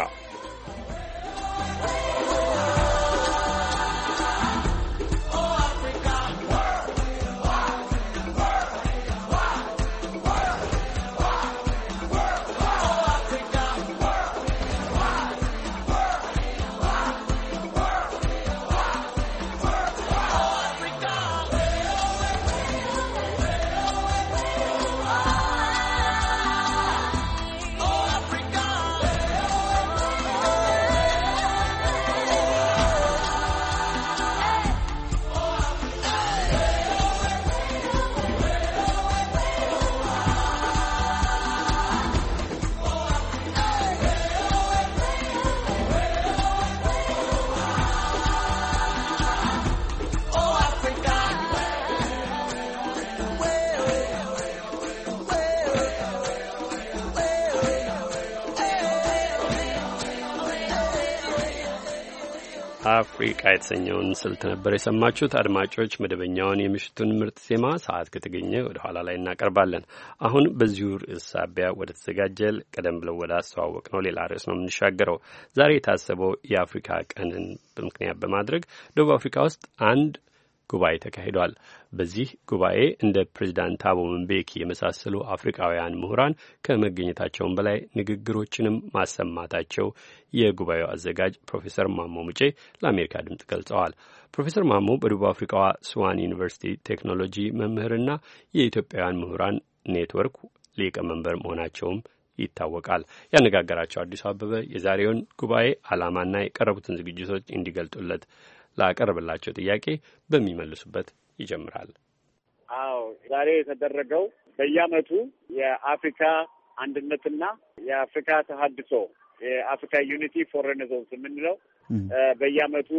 አፍሪቃ የተሰኘውን ስልት ነበር የሰማችሁት። አድማጮች መደበኛውን የምሽቱን ምርጥ ዜማ ሰዓት ከተገኘ ወደ ኋላ ላይ እናቀርባለን። አሁን በዚሁ ርዕስ ሳቢያ ወደ ተዘጋጀል ቀደም ብለው ወደ አስተዋወቅ ነው ሌላ ርዕስ ነው የምንሻገረው። ዛሬ የታሰበው የአፍሪካ ቀንን ምክንያት በማድረግ ደቡብ አፍሪካ ውስጥ አንድ ጉባኤ ተካሂዷል። በዚህ ጉባኤ እንደ ፕሬዚዳንት ታቦ ምቤኪ የመሳሰሉ አፍሪካውያን ምሁራን ከመገኘታቸውን በላይ ንግግሮችንም ማሰማታቸው የጉባኤው አዘጋጅ ፕሮፌሰር ማሞ ሙጬ ለአሜሪካ ድምፅ ገልጸዋል። ፕሮፌሰር ማሞ በደቡብ አፍሪካዋ ስዋን ዩኒቨርሲቲ ቴክኖሎጂ መምህርና የኢትዮጵያውያን ምሁራን ኔትወርክ ሊቀመንበር መሆናቸውም ይታወቃል። ያነጋገራቸው አዲሱ አበበ የዛሬውን ጉባኤ ዓላማና የቀረቡትን ዝግጅቶች እንዲገልጡለት ላቀርብላቸው ጥያቄ በሚመልሱበት ይጀምራል። አዎ ዛሬ የተደረገው በየዓመቱ የአፍሪካ አንድነትና የአፍሪካ ተሀድሶ የአፍሪካ ዩኒቲ ፎር ሬኔሳንስ የምንለው በየዓመቱ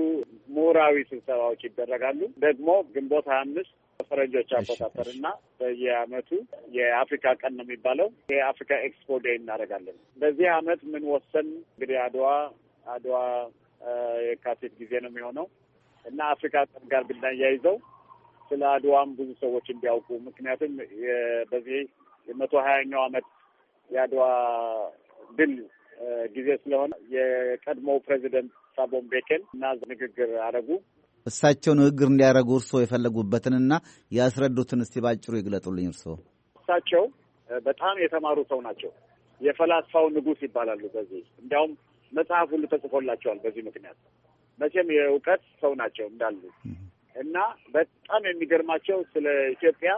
ምሁራዊ ስብሰባዎች ይደረጋሉ። ደግሞ ግንቦት ሀያ አምስት ፈረንጆች አቆጣጠር እና በየዓመቱ የአፍሪካ ቀን ነው የሚባለው የአፍሪካ ኤክስፖ ዴይ እናደርጋለን። በዚህ ዓመት ምን ወሰን እንግዲህ አድዋ አድዋ የካቲት ጊዜ ነው የሚሆነው እና አፍሪካ ጥም ጋር ብናያይዘው ስለ አድዋም ብዙ ሰዎች እንዲያውቁ ምክንያቱም በዚህ የመቶ ሀያኛው ዓመት የአድዋ ድል ጊዜ ስለሆነ የቀድሞው ፕሬዚደንት ሳቦን ቤኬን እና ንግግር አረጉ። እሳቸው ንግግር እንዲያደረጉ እርስዎ የፈለጉበትንና ያስረዱትን እስቲ ባጭሩ ይግለጡልኝ። እርስዎ እሳቸው በጣም የተማሩ ሰው ናቸው። የፈላስፋው ንጉስ ይባላሉ። በዚህ እንዲያውም መጽሐፍ ሁሉ ተጽፎላቸዋል። በዚህ ምክንያት መቼም የእውቀት ሰው ናቸው እንዳሉ እና በጣም የሚገርማቸው ስለ ኢትዮጵያ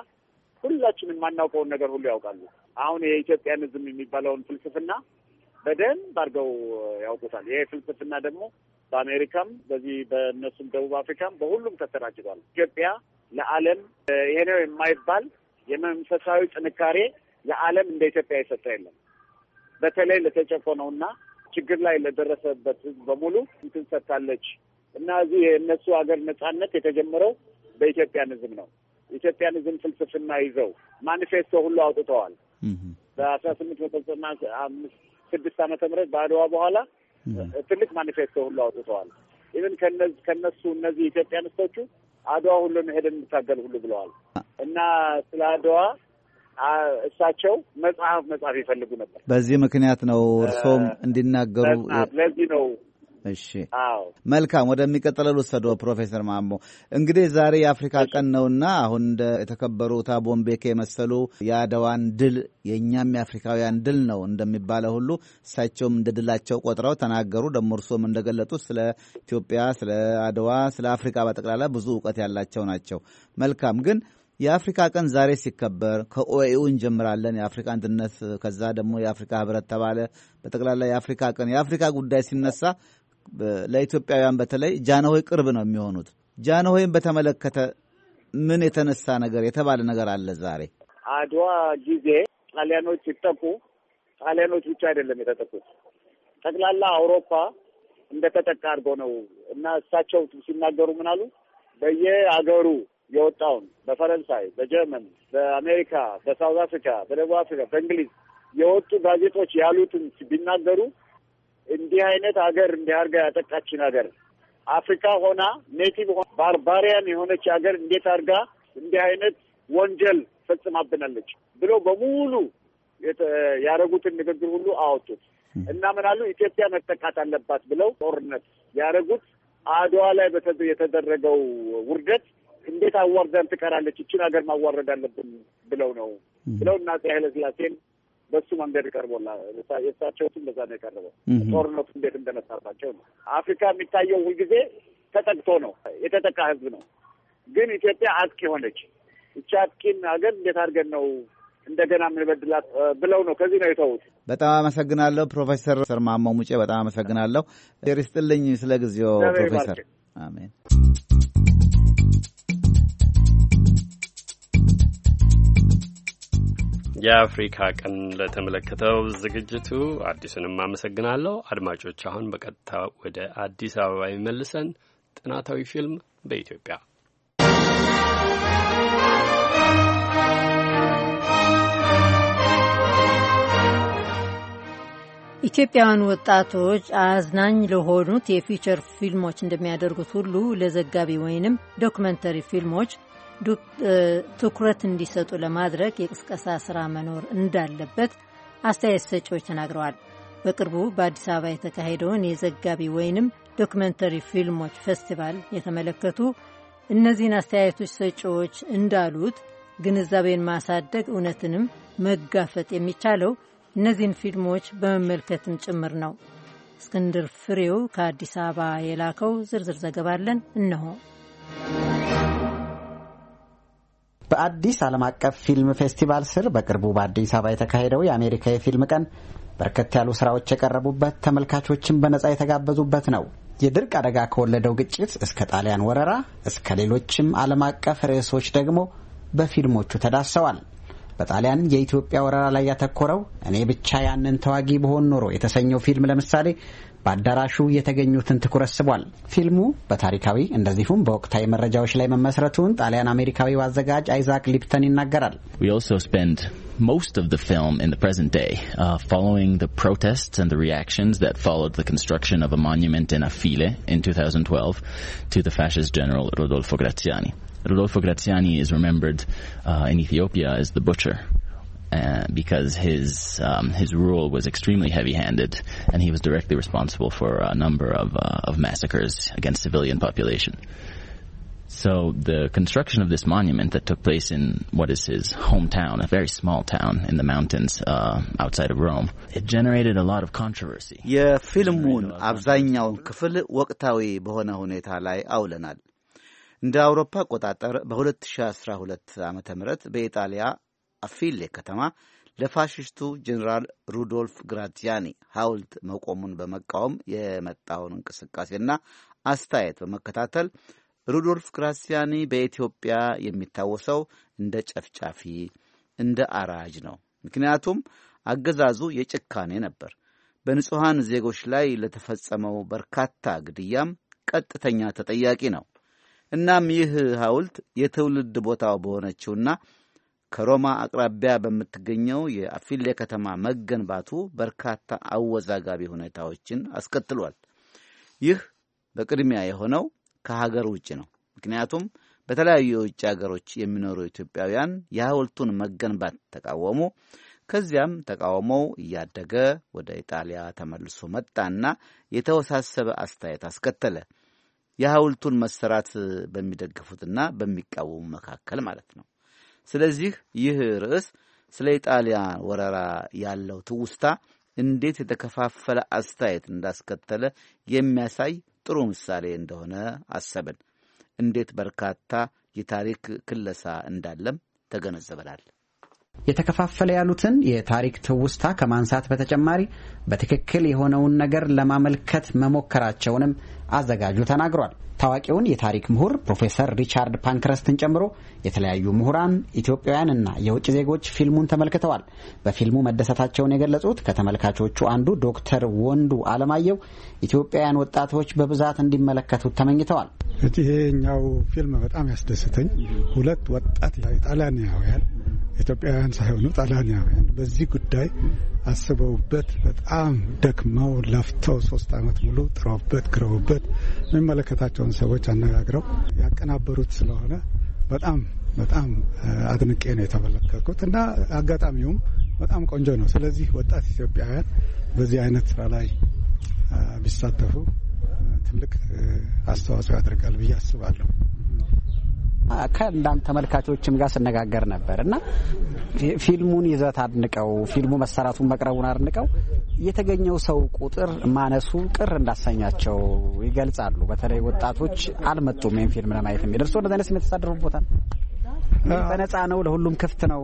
ሁላችን የማናውቀውን ነገር ሁሉ ያውቃሉ። አሁን የኢትዮጵያንዝም የሚባለውን ፍልስፍና በደንብ አድርገው ያውቁታል። ይሄ ፍልስፍና ደግሞ በአሜሪካም በዚህ በእነሱም ደቡብ አፍሪካም በሁሉም ተሰራጭቷል። ኢትዮጵያ ለዓለም ይሄ ነው የማይባል የመንፈሳዊ ጥንካሬ ለዓለም እንደ ኢትዮጵያ የሰጠ የለም። በተለይ ለተጨቆነውና ችግር ላይ ለደረሰበት ህዝብ በሙሉ እንትን ሰጥታለች እና እዚህ የእነሱ ሀገር ነጻነት የተጀመረው በኢትዮጵያንዝም ነው። ኢትዮጵያንዝም ፍልስፍና ይዘው ማኒፌስቶ ሁሉ አውጥተዋል። በአስራ ስምንት መቶ ዘጠና አምስት ስድስት ዓመተ ምህረት በአድዋ በኋላ ትልቅ ማኒፌስቶ ሁሉ አውጥተዋል። ኢቨን ከነሱ እነዚህ ኢትዮጵያንስቶቹ አድዋ ሁሉ መሄድ እንታገል ሁሉ ብለዋል እና ስለ አድዋ እሳቸው መጽሐፍ መጽሐፍ ይፈልጉ ነበር። በዚህ ምክንያት ነው እርሶም እንዲናገሩ። ለዚህ ነው። እሺ፣ መልካም። ወደሚቀጥለው ልውሰዶ ፕሮፌሰር ማሞ እንግዲህ ዛሬ የአፍሪካ ቀን ነውና አሁን እንደ የተከበሩ ታቦ ምቤኪ የመሰሉ የአድዋን ድል የእኛም የአፍሪካውያን ድል ነው እንደሚባለው ሁሉ እሳቸውም እንደ ድላቸው ቆጥረው ተናገሩ። ደግሞ እርሶም እንደገለጡት ስለ ኢትዮጵያ፣ ስለ አድዋ፣ ስለ አፍሪካ በጠቅላላ ብዙ እውቀት ያላቸው ናቸው። መልካም ግን የአፍሪካ ቀን ዛሬ ሲከበር ከኦኤኡ እንጀምራለን። የአፍሪካ አንድነት፣ ከዛ ደግሞ የአፍሪካ ህብረት ተባለ። በጠቅላላ የአፍሪካ ቀን የአፍሪካ ጉዳይ ሲነሳ ለኢትዮጵያውያን በተለይ ጃንሆይ ቅርብ ነው የሚሆኑት። ጃንሆይን በተመለከተ ምን የተነሳ ነገር የተባለ ነገር አለ ዛሬ? አድዋ ጊዜ ጣሊያኖች ሲጠቁ ጣሊያኖች ብቻ አይደለም የተጠቁት ጠቅላላ አውሮፓ እንደተጠቃ አድርጎ ነው እና እሳቸው ሲናገሩ ምን አሉ? በየአገሩ የወጣውን በፈረንሳይ፣ በጀርመን፣ በአሜሪካ፣ በሳውዝ አፍሪካ፣ በደቡብ አፍሪካ፣ በእንግሊዝ የወጡ ጋዜጦች ያሉትን ቢናገሩ እንዲህ አይነት ሀገር እንዲህ አድርጋ ያጠቃችን ሀገር አፍሪካ ሆና ኔቲቭ ሆና ባርባሪያን የሆነች ሀገር እንዴት አድርጋ እንዲህ አይነት ወንጀል ፈጽማብናለች ብሎ በሙሉ ያደረጉትን ንግግር ሁሉ አወጡት እና ምን አሉ ኢትዮጵያ መጠቃት አለባት ብለው ጦርነት ያደረጉት አድዋ ላይ የተደረገው ውርደት እንዴት አዋርዳን ትቀራለች? እችን ሀገር ማዋረድ አለብን ብለው ነው ብለው እና አፄ ኃይለስላሴን በሱ መንገድ ቀርቦላ በዛ ነው የቀረበው። ጦርነቱ እንዴት እንደነሳባቸው ነው። አፍሪካ የሚታየው ሁልጊዜ ተጠቅቶ ነው፣ የተጠቃ ህዝብ ነው። ግን ኢትዮጵያ አጥቂ ሆነች። እቺ አጥቂን ሀገር እንዴት አድርገን ነው እንደገና የምንበድላት ብለው ነው ከዚህ ነው የተዉት። በጣም አመሰግናለሁ ፕሮፌሰር ሰርማማው ሙጬ። በጣም አመሰግናለሁ። ሪስጥልኝ ስለ ጊዜው ፕሮፌሰር። አሜን። የአፍሪካ ቀን ለተመለከተው ዝግጅቱ አዲሱንም አመሰግናለሁ። አድማጮች፣ አሁን በቀጥታ ወደ አዲስ አበባ የሚመልሰን ጥናታዊ ፊልም በኢትዮጵያ ኢትዮጵያውያን ወጣቶች አዝናኝ ለሆኑት የፊቸር ፊልሞች እንደሚያደርጉት ሁሉ ለዘጋቢ ወይንም ዶክመንተሪ ፊልሞች ትኩረት እንዲሰጡ ለማድረግ የቅስቀሳ ስራ መኖር እንዳለበት አስተያየት ሰጪዎች ተናግረዋል። በቅርቡ በአዲስ አበባ የተካሄደውን የዘጋቢ ወይንም ዶክመንተሪ ፊልሞች ፌስቲቫል የተመለከቱ እነዚህን አስተያየቶች ሰጪዎች እንዳሉት ግንዛቤን ማሳደግ እውነትንም መጋፈጥ የሚቻለው እነዚህን ፊልሞች በመመልከትም ጭምር ነው። እስክንድር ፍሬው ከአዲስ አበባ የላከው ዝርዝር ዘገባ አለን እነሆ። በአዲስ ዓለም አቀፍ ፊልም ፌስቲቫል ስር በቅርቡ በአዲስ አበባ የተካሄደው የአሜሪካ የፊልም ቀን በርከት ያሉ ስራዎች የቀረቡበት ተመልካቾችን በነጻ የተጋበዙበት ነው። የድርቅ አደጋ ከወለደው ግጭት እስከ ጣሊያን ወረራ እስከ ሌሎችም ዓለም አቀፍ ርዕሶች ደግሞ በፊልሞቹ ተዳሰዋል። በጣሊያን የኢትዮጵያ ወረራ ላይ ያተኮረው እኔ ብቻ ያንን ተዋጊ በሆን ኖሮ የተሰኘው ፊልም ለምሳሌ በአዳራሹ የተገኙትን ትኩረት ስቧል። ፊልሙ በታሪካዊ እንደዚሁም በወቅታዊ መረጃዎች ላይ መመስረቱን ጣሊያን አሜሪካዊው አዘጋጅ አይዛክ ሊፕተን ይናገራል። most of the film in the present day, uh, following the protests and the reactions that followed the construction of a monument in Affile in 2012 to the fascist general Rodolfo Graziani. Rodolfo Graziani is remembered uh, in Ethiopia as the butcher uh, because his um, his rule was extremely heavy-handed, and he was directly responsible for a number of uh, of massacres against civilian population. So the construction of this monument that took place in what is his hometown, a very small town in the mountains uh, outside of Rome, it generated a lot of controversy. እንደ አውሮፓ አቆጣጠር በ2012 ዓ.ም በኢጣሊያ አፊሌ ከተማ ለፋሽስቱ ጀኔራል ሩዶልፍ ግራዚያኒ ሐውልት መቆሙን በመቃወም የመጣውን እንቅስቃሴና አስተያየት በመከታተል ሩዶልፍ ግራዚያኒ በኢትዮጵያ የሚታወሰው እንደ ጨፍጫፊ፣ እንደ አራጅ ነው። ምክንያቱም አገዛዙ የጭካኔ ነበር። በንጹሐን ዜጎች ላይ ለተፈጸመው በርካታ ግድያም ቀጥተኛ ተጠያቂ ነው። እናም ይህ ሐውልት የትውልድ ቦታው በሆነችውና ከሮማ አቅራቢያ በምትገኘው የአፊሌ ከተማ መገንባቱ በርካታ አወዛጋቢ ሁኔታዎችን አስከትሏል። ይህ በቅድሚያ የሆነው ከሀገር ውጭ ነው። ምክንያቱም በተለያዩ የውጭ ሀገሮች የሚኖሩ ኢትዮጵያውያን የሐውልቱን መገንባት ተቃወሙ። ከዚያም ተቃውሞው እያደገ ወደ ኢጣሊያ ተመልሶ መጣና የተወሳሰበ አስተያየት አስከተለ። የሐውልቱን መሰራት በሚደግፉትና በሚቃወሙ መካከል ማለት ነው። ስለዚህ ይህ ርዕስ ስለ ኢጣሊያን ወረራ ያለው ትውስታ እንዴት የተከፋፈለ አስተያየት እንዳስከተለ የሚያሳይ ጥሩ ምሳሌ እንደሆነ አሰብን። እንዴት በርካታ የታሪክ ክለሳ እንዳለም ተገነዘበናል። የተከፋፈለ ያሉትን የታሪክ ትውስታ ከማንሳት በተጨማሪ በትክክል የሆነውን ነገር ለማመልከት መሞከራቸውንም አዘጋጁ ተናግሯል። ታዋቂውን የታሪክ ምሁር ፕሮፌሰር ሪቻርድ ፓንክረስትን ጨምሮ የተለያዩ ምሁራን ኢትዮጵያውያንና የውጭ ዜጎች ፊልሙን ተመልክተዋል። በፊልሙ መደሰታቸውን የገለጹት ከተመልካቾቹ አንዱ ዶክተር ወንዱ አለማየሁ ኢትዮጵያውያን ወጣቶች በብዛት እንዲመለከቱት ተመኝተዋል። ይሄኛው ፊልም በጣም ያስደስተኝ ሁለት ወጣት ጣሊያናውያን ኢትዮጵያውያን ሳይሆኑ ጣሊያናውያን በዚህ ጉዳይ አስበውበት በጣም ደክመው ለፍተው ሶስት አመት ሙሉ ጥረውበት ግረውበት የሚመለከታቸውን ሰዎች አነጋግረው ያቀናበሩት ስለሆነ በጣም በጣም አድንቄ ነው የተመለከትኩት እና አጋጣሚውም በጣም ቆንጆ ነው። ስለዚህ ወጣት ኢትዮጵያውያን በዚህ አይነት ስራ ላይ ቢሳተፉ ትልቅ አስተዋጽኦ ያደርጋል ብዬ አስባለሁ። ከአንዳንድ ተመልካቾችም ጋር ስነጋገር ነበር እና ፊልሙን ይዘት አድንቀው ፊልሙ መሰራቱን መቅረቡን አድንቀው የተገኘው ሰው ቁጥር ማነሱ ቅር እንዳሰኛቸው ይገልጻሉ። በተለይ ወጣቶች አልመጡም ይህን ፊልም ለማየት የሚል እርስዎ እንደዚህ አይነት ስሜት በነጻ ነው፣ ለሁሉም ክፍት ነው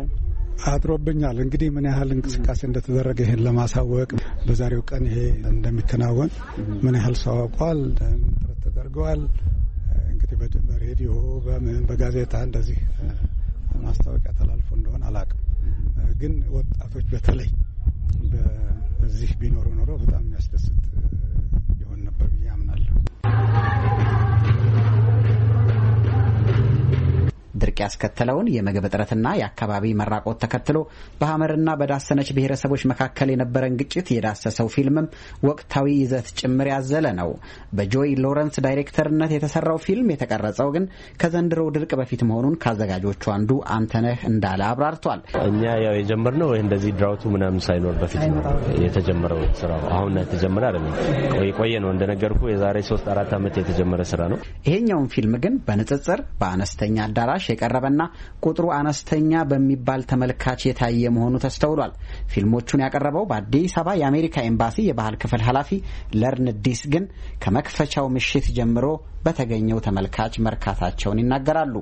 አድሮብኛል። እንግዲህ ምን ያህል እንቅስቃሴ እንደተደረገ ይህን ለማሳወቅ በዛሬው ቀን ይሄ እንደሚከናወን ምን ያህል ሰው አውቋል፣ ጥረት ተደርገዋል እንግዲህ በሬዲዮ በምን በጋዜጣ እንደዚህ ማስታወቂያ ተላልፎ እንደሆነ አላውቅም። ግን ወጣቶች በተለይ በዚህ ቢኖሩ ኖሮ በጣም የሚያስደስት ይሆን ነበር ብዬ አምናለሁ። ድርቅ ያስከተለውን የምግብ እጥረትና የአካባቢ መራቆት ተከትሎ በሐመርና በዳሰነች ብሔረሰቦች መካከል የነበረን ግጭት የዳሰሰው ፊልምም ወቅታዊ ይዘት ጭምር ያዘለ ነው። በጆይ ሎረንስ ዳይሬክተርነት የተሰራው ፊልም የተቀረጸው ግን ከዘንድሮ ድርቅ በፊት መሆኑን ከአዘጋጆቹ አንዱ አንተነህ እንዳለ አብራርቷል። እኛ ያው የጀመርነው እንደዚህ ድራውቱ ምናምን ሳይኖር በፊት ነው የተጀመረው ስራው። አሁን የተጀመረ አይደለም፣ ቆየ ነው። እንደነገርኩ የዛሬ ሶስት አራት ዓመት የተጀመረ ስራ ነው። ይሄኛውን ፊልም ግን በንጽጽር በአነስተኛ አዳራሽ የቀረበ የቀረበና ቁጥሩ አነስተኛ በሚባል ተመልካች የታየ መሆኑ ተስተውሏል። ፊልሞቹን ያቀረበው በአዲስ አበባ የአሜሪካ ኤምባሲ የባህል ክፍል ኃላፊ ለርን ዲስ ግን ከመክፈቻው ምሽት ጀምሮ በተገኘው ተመልካች መርካታቸውን ይናገራሉ።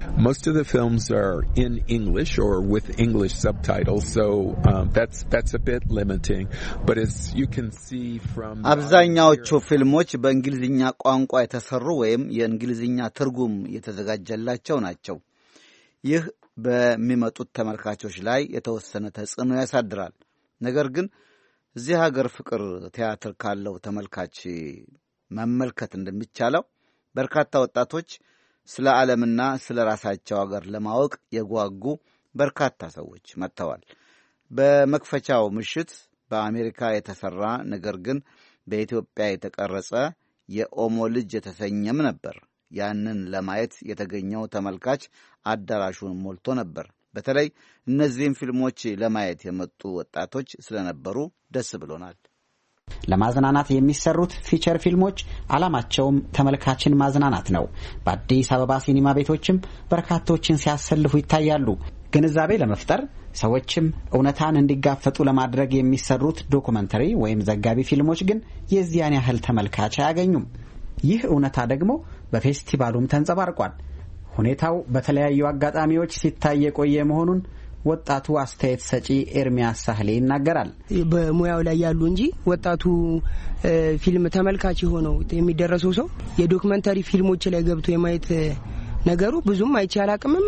um, አብዛኛዎቹ ፊልሞች በእንግሊዝኛ ቋንቋ የተሰሩ ወይም የእንግሊዝኛ ትርጉም የተዘጋጀላቸው ናቸው። ይህ በሚመጡት ተመልካቾች ላይ የተወሰነ ተጽዕኖ ያሳድራል። ነገር ግን እዚህ ሀገር ፍቅር ቲያትር ካለው ተመልካች መመልከት እንደሚቻለው በርካታ ወጣቶች ስለ ዓለምና ስለ ራሳቸው ሀገር ለማወቅ የጓጉ በርካታ ሰዎች መጥተዋል። በመክፈቻው ምሽት በአሜሪካ የተሠራ ነገር ግን በኢትዮጵያ የተቀረጸ የኦሞ ልጅ የተሰኘም ነበር። ያንን ለማየት የተገኘው ተመልካች አዳራሹን ሞልቶ ነበር። በተለይ እነዚህም ፊልሞች ለማየት የመጡ ወጣቶች ስለነበሩ ደስ ብሎናል። ለማዝናናት የሚሰሩት ፊቸር ፊልሞች ዓላማቸውም ተመልካችን ማዝናናት ነው። በአዲስ አበባ ሲኒማ ቤቶችም በርካቶችን ሲያሰልፉ ይታያሉ። ግንዛቤ ለመፍጠር ሰዎችም እውነታን እንዲጋፈጡ ለማድረግ የሚሰሩት ዶኩመንተሪ ወይም ዘጋቢ ፊልሞች ግን የዚያን ያህል ተመልካች አያገኙም። ይህ እውነታ ደግሞ በፌስቲቫሉም ተንጸባርቋል። ሁኔታው በተለያዩ አጋጣሚዎች ሲታይ የቆየ መሆኑን ወጣቱ አስተያየት ሰጪ ኤርሚያስ ሳህሌ ይናገራል። በሙያው ላይ ያሉ እንጂ ወጣቱ ፊልም ተመልካች የሆነው የሚደረሰው ሰው የዶክመንተሪ ፊልሞች ላይ ገብቶ የማየት ነገሩ ብዙም አይቻል አቅምም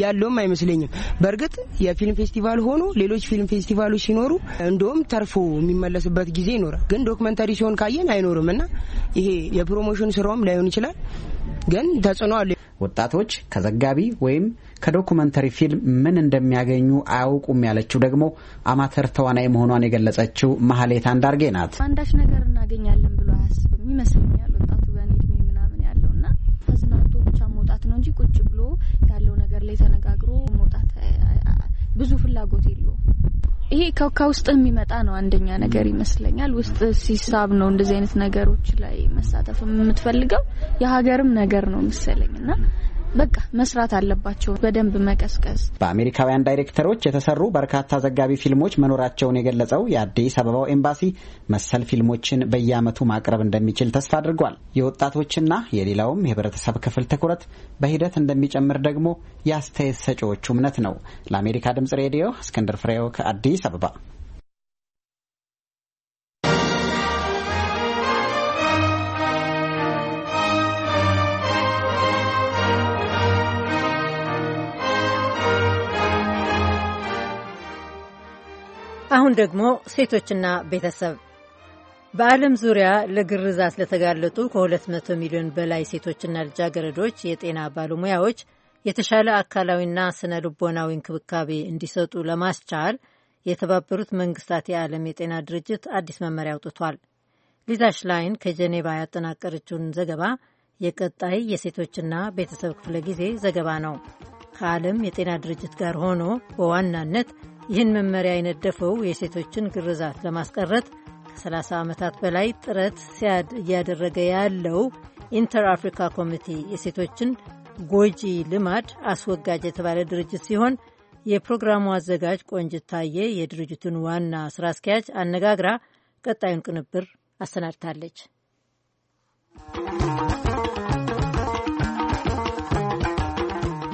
ያለውም አይመስለኝም። በእርግጥ የፊልም ፌስቲቫል ሆኖ ሌሎች ፊልም ፌስቲቫሎች ሲኖሩ እንደውም ተርፎ የሚመለስበት ጊዜ ይኖራል። ግን ዶክመንታሪ ሲሆን ካየን አይኖርም እና ይሄ የፕሮሞሽን ስራውም ላይሆን ይችላል። ግን ተጽዕኖ አለ። ወጣቶች ከዘጋቢ ወይም ከዶኩመንተሪ ፊልም ምን እንደሚያገኙ አያውቁም ያለችው ደግሞ አማተር ተዋናይ መሆኗን የገለጸችው ማህሌት አንዳርጌ ናት። አንዳች ነገር እናገኛለን ብሎ አያስብም ይመስለኛል ወጣቱ ላይ ተነጋግሮ መውጣት ብዙ ፍላጎት የለውም። ይሄ ከውስጥ የሚመጣ ነው። አንደኛ ነገር ይመስለኛል ውስጥ ሲሳብ ነው እንደዚህ አይነት ነገሮች ላይ መሳተፍ የምትፈልገው የሀገርም ነገር ነው መሰለኝ እና በቃ መስራት አለባቸው፣ በደንብ መቀስቀስ። በአሜሪካውያን ዳይሬክተሮች የተሰሩ በርካታ ዘጋቢ ፊልሞች መኖራቸውን የገለጸው የአዲስ አበባው ኤምባሲ መሰል ፊልሞችን በየዓመቱ ማቅረብ እንደሚችል ተስፋ አድርጓል። የወጣቶችና የሌላውም የህብረተሰብ ክፍል ትኩረት በሂደት እንደሚጨምር ደግሞ የአስተያየት ሰጪዎቹ እምነት ነው። ለአሜሪካ ድምጽ ሬዲዮ እስክንድር ፍሬው ከአዲስ አበባ አሁን ደግሞ ሴቶችና ቤተሰብ። በዓለም ዙሪያ ለግርዛት ለተጋለጡ ከ200 ሚሊዮን በላይ ሴቶችና ልጃገረዶች የጤና ባለሙያዎች የተሻለ አካላዊና ስነ ልቦናዊ እንክብካቤ እንዲሰጡ ለማስቻል የተባበሩት መንግስታት የዓለም የጤና ድርጅት አዲስ መመሪያ አውጥቷል። ሊዛ ሽላይን ከጀኔቫ ያጠናቀረችውን ዘገባ የቀጣይ የሴቶችና ቤተሰብ ክፍለ ጊዜ ዘገባ ነው። ከዓለም የጤና ድርጅት ጋር ሆኖ በዋናነት ይህን መመሪያ የነደፈው የሴቶችን ግርዛት ለማስቀረት ከ30 ዓመታት በላይ ጥረት ሲያድ እያደረገ ያለው ኢንተር አፍሪካ ኮሚቴ የሴቶችን ጎጂ ልማድ አስወጋጅ የተባለ ድርጅት ሲሆን የፕሮግራሙ አዘጋጅ ቆንጅት ታየ የድርጅቱን ዋና ስራ አስኪያጅ አነጋግራ ቀጣዩን ቅንብር አሰናድታለች።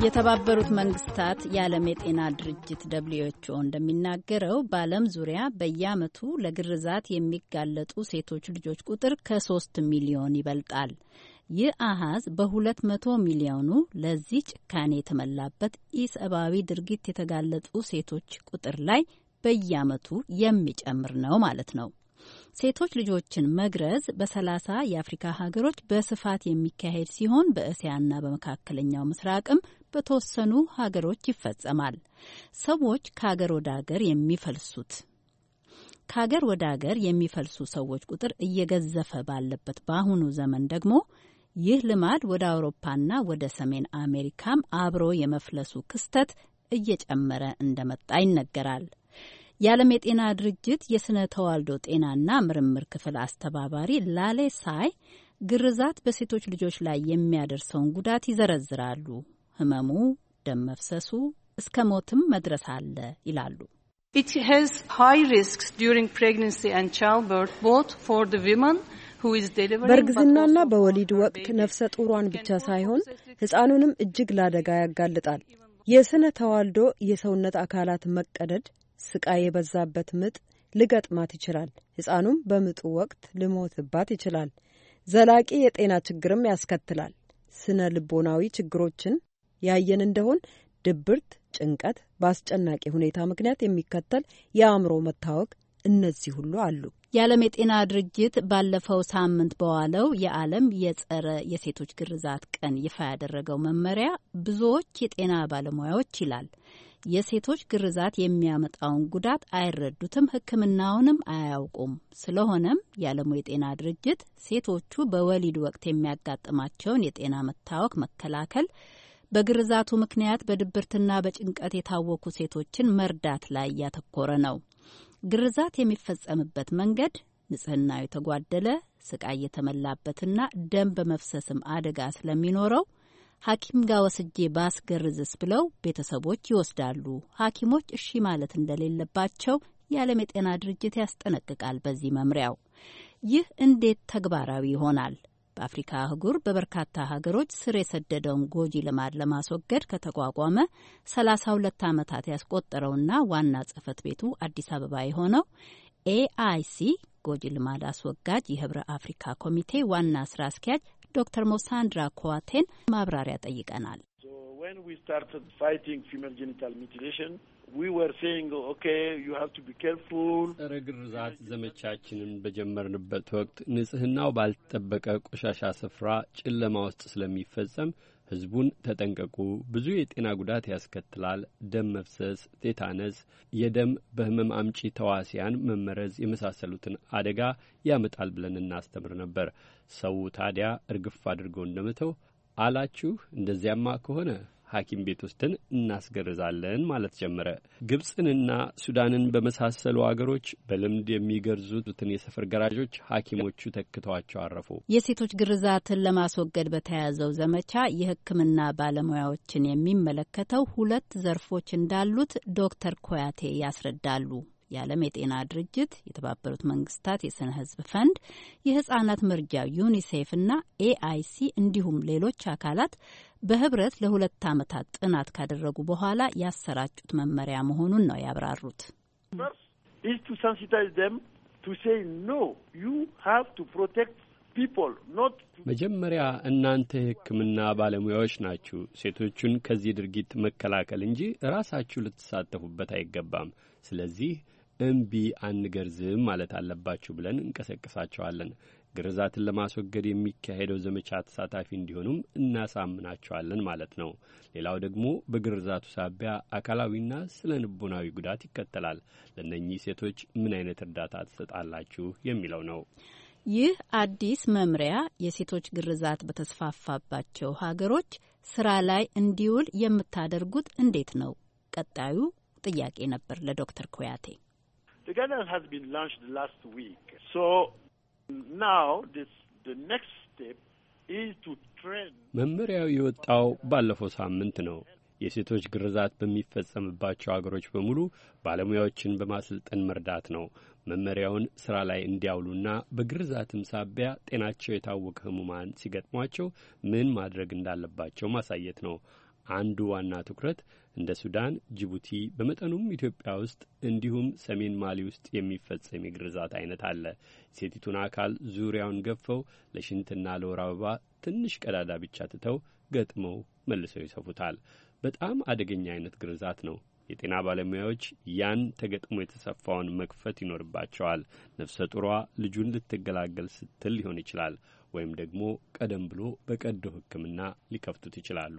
የተባበሩት መንግስታት የዓለም የጤና ድርጅት ደብልዩ እንደሚናገረው በዓለም ዙሪያ በየዓመቱ ለግርዛት የሚጋለጡ ሴቶች ልጆች ቁጥር ከሶስት ሚሊዮን ይበልጣል። ይህ አሃዝ በሁለት መቶ ሚሊዮኑ ለዚህ ጭካኔ የተመላበት ኢሰብአዊ ድርጊት የተጋለጡ ሴቶች ቁጥር ላይ በየዓመቱ የሚጨምር ነው ማለት ነው። ሴቶች ልጆችን መግረዝ በሰላሳ የአፍሪካ ሀገሮች በስፋት የሚካሄድ ሲሆን በእስያና በመካከለኛው ምስራቅም በተወሰኑ ሀገሮች ይፈጸማል። ሰዎች ከሀገር ወደ ሀገር የሚፈልሱት ከሀገር ወደ ሀገር የሚፈልሱ ሰዎች ቁጥር እየገዘፈ ባለበት በአሁኑ ዘመን ደግሞ ይህ ልማድ ወደ አውሮፓና ወደ ሰሜን አሜሪካም አብሮ የመፍለሱ ክስተት እየጨመረ እንደመጣ ይነገራል። የዓለም የጤና ድርጅት የስነ ተዋልዶ ጤናና ምርምር ክፍል አስተባባሪ ላሌ ሳይ ግርዛት በሴቶች ልጆች ላይ የሚያደርሰውን ጉዳት ይዘረዝራሉ። ህመሙ፣ ደም መፍሰሱ እስከ ሞትም መድረስ አለ ይላሉ። It has high risks during pregnancy and childbirth both for the በእርግዝናና በወሊድ ወቅት ነፍሰ ጡሯን ብቻ ሳይሆን ህፃኑንም እጅግ ለአደጋ ያጋልጣል። የስነ ተዋልዶ የሰውነት አካላት መቀደድ፣ ስቃይ የበዛበት ምጥ ልገጥማት ይችላል። ህፃኑም በምጡ ወቅት ልሞትባት ይችላል። ዘላቂ የጤና ችግርም ያስከትላል። ስነ ልቦናዊ ችግሮችን ያየን እንደሆን ድብርት፣ ጭንቀት፣ በአስጨናቂ ሁኔታ ምክንያት የሚከተል የአእምሮ መታወክ እነዚህ ሁሉ አሉ። የዓለም የጤና ድርጅት ባለፈው ሳምንት በዋለው የዓለም የጸረ የሴቶች ግርዛት ቀን ይፋ ያደረገው መመሪያ ብዙዎች የጤና ባለሙያዎች ይላል የሴቶች ግርዛት የሚያመጣውን ጉዳት አይረዱትም፣ ሕክምናውንም አያውቁም። ስለሆነም የዓለሙ የጤና ድርጅት ሴቶቹ በወሊድ ወቅት የሚያጋጥማቸውን የጤና መታወክ መከላከል በግርዛቱ ምክንያት በድብርትና በጭንቀት የታወኩ ሴቶችን መርዳት ላይ ያተኮረ ነው። ግርዛት የሚፈጸምበት መንገድ ንጽህናው የተጓደለ ስቃይ የተመላበትና ደም በመፍሰስም አደጋ ስለሚኖረው ሐኪም ጋር ወስጄ ባስገርዝስ ብለው ቤተሰቦች ይወስዳሉ። ሐኪሞች እሺ ማለት እንደሌለባቸው የዓለም የጤና ድርጅት ያስጠነቅቃል። በዚህ መምሪያው ይህ እንዴት ተግባራዊ ይሆናል? በአፍሪካ አህጉር በበርካታ ሀገሮች ስር የሰደደውን ጎጂ ልማድ ለማስወገድ ከተቋቋመ 32 ዓመታት ያስቆጠረውና ዋና ጽህፈት ቤቱ አዲስ አበባ የሆነው ኤአይሲ ጎጂ ልማድ አስወጋጅ የህብረ አፍሪካ ኮሚቴ ዋና ስራ አስኪያጅ ዶክተር ሞሳንድራ ኮዋቴን ማብራሪያ ጠይቀናል። we were ጸረ ግርዛት ዘመቻችንን በጀመርንበት ወቅት ንጽህናው ባልተጠበቀ ቆሻሻ ስፍራ ጨለማ ውስጥ ስለሚፈጸም ህዝቡን ተጠንቀቁ፣ ብዙ የጤና ጉዳት ያስከትላል፣ ደም መፍሰስ፣ ቴታነስ፣ የደም በህመም አምጪ ተዋሲያን መመረዝ የመሳሰሉትን አደጋ ያመጣል ብለን እናስተምር ነበር። ሰው ታዲያ እርግፍ አድርገው እንደመተው አላችሁ። እንደዚያማ ከሆነ ሐኪም ቤት ውስጥን እናስገርዛለን ማለት ጀመረ። ግብፅንና ሱዳንን በመሳሰሉ አገሮች በልምድ የሚገርዙትን የሰፈር ገራዦች ሐኪሞቹ ተክተዋቸው አረፉ። የሴቶች ግርዛትን ለማስወገድ በተያያዘው ዘመቻ የሕክምና ባለሙያዎችን የሚመለከተው ሁለት ዘርፎች እንዳሉት ዶክተር ኮያቴ ያስረዳሉ። የዓለም የጤና ድርጅት፣ የተባበሩት መንግስታት የስነ ህዝብ ፈንድ፣ የህጻናት መርጃ ዩኒሴፍ እና ኤአይሲ እንዲሁም ሌሎች አካላት በህብረት ለሁለት ዓመታት ጥናት ካደረጉ በኋላ ያሰራጩት መመሪያ መሆኑን ነው ያብራሩት። መጀመሪያ እናንተ የሕክምና ባለሙያዎች ናችሁ። ሴቶቹን ከዚህ ድርጊት መከላከል እንጂ ራሳችሁ ልትሳተፉበት አይገባም። ስለዚህ እምቢ አንገርዝም ማለት አለባችሁ ብለን እንቀሰቅሳቸዋለን። ግርዛትን ለማስወገድ የሚካሄደው ዘመቻ ተሳታፊ እንዲሆኑም እናሳምናቸዋለን ማለት ነው። ሌላው ደግሞ በግርዛቱ ሳቢያ አካላዊና ስነ ልቦናዊ ጉዳት ይከተላል። ለእነኚህ ሴቶች ምን አይነት እርዳታ ትሰጣላችሁ የሚለው ነው። ይህ አዲስ መምሪያ የሴቶች ግርዛት በተስፋፋባቸው ሀገሮች ስራ ላይ እንዲውል የምታደርጉት እንዴት ነው? ቀጣዩ ጥያቄ ነበር ለዶክተር ኩያቴ። መመሪያው የወጣው ባለፈው ሳምንት ነው። የሴቶች ግርዛት በሚፈጸምባቸው አገሮች በሙሉ ባለሙያዎችን በማሰልጠን መርዳት ነው። መመሪያውን ስራ ላይ እንዲያውሉና በግርዛትም ሳቢያ ጤናቸው የታወቀ ህሙማን ሲገጥሟቸው ምን ማድረግ እንዳለባቸው ማሳየት ነው። አንዱ ዋና ትኩረት እንደ ሱዳን፣ ጅቡቲ በመጠኑም ኢትዮጵያ ውስጥ እንዲሁም ሰሜን ማሊ ውስጥ የሚፈጸም የግርዛት አይነት አለ። ሴቲቱን አካል ዙሪያውን ገፈው ለሽንትና ለወር አበባ ትንሽ ቀዳዳ ብቻ ትተው ገጥመው መልሰው ይሰፉታል። በጣም አደገኛ አይነት ግርዛት ነው። የጤና ባለሙያዎች ያን ተገጥሞ የተሰፋውን መክፈት ይኖርባቸዋል። ነፍሰ ጡሯ ልጁን ልትገላገል ስትል ሊሆን ይችላል ወይም ደግሞ ቀደም ብሎ በቀዶ ሕክምና ሊከፍቱት ይችላሉ።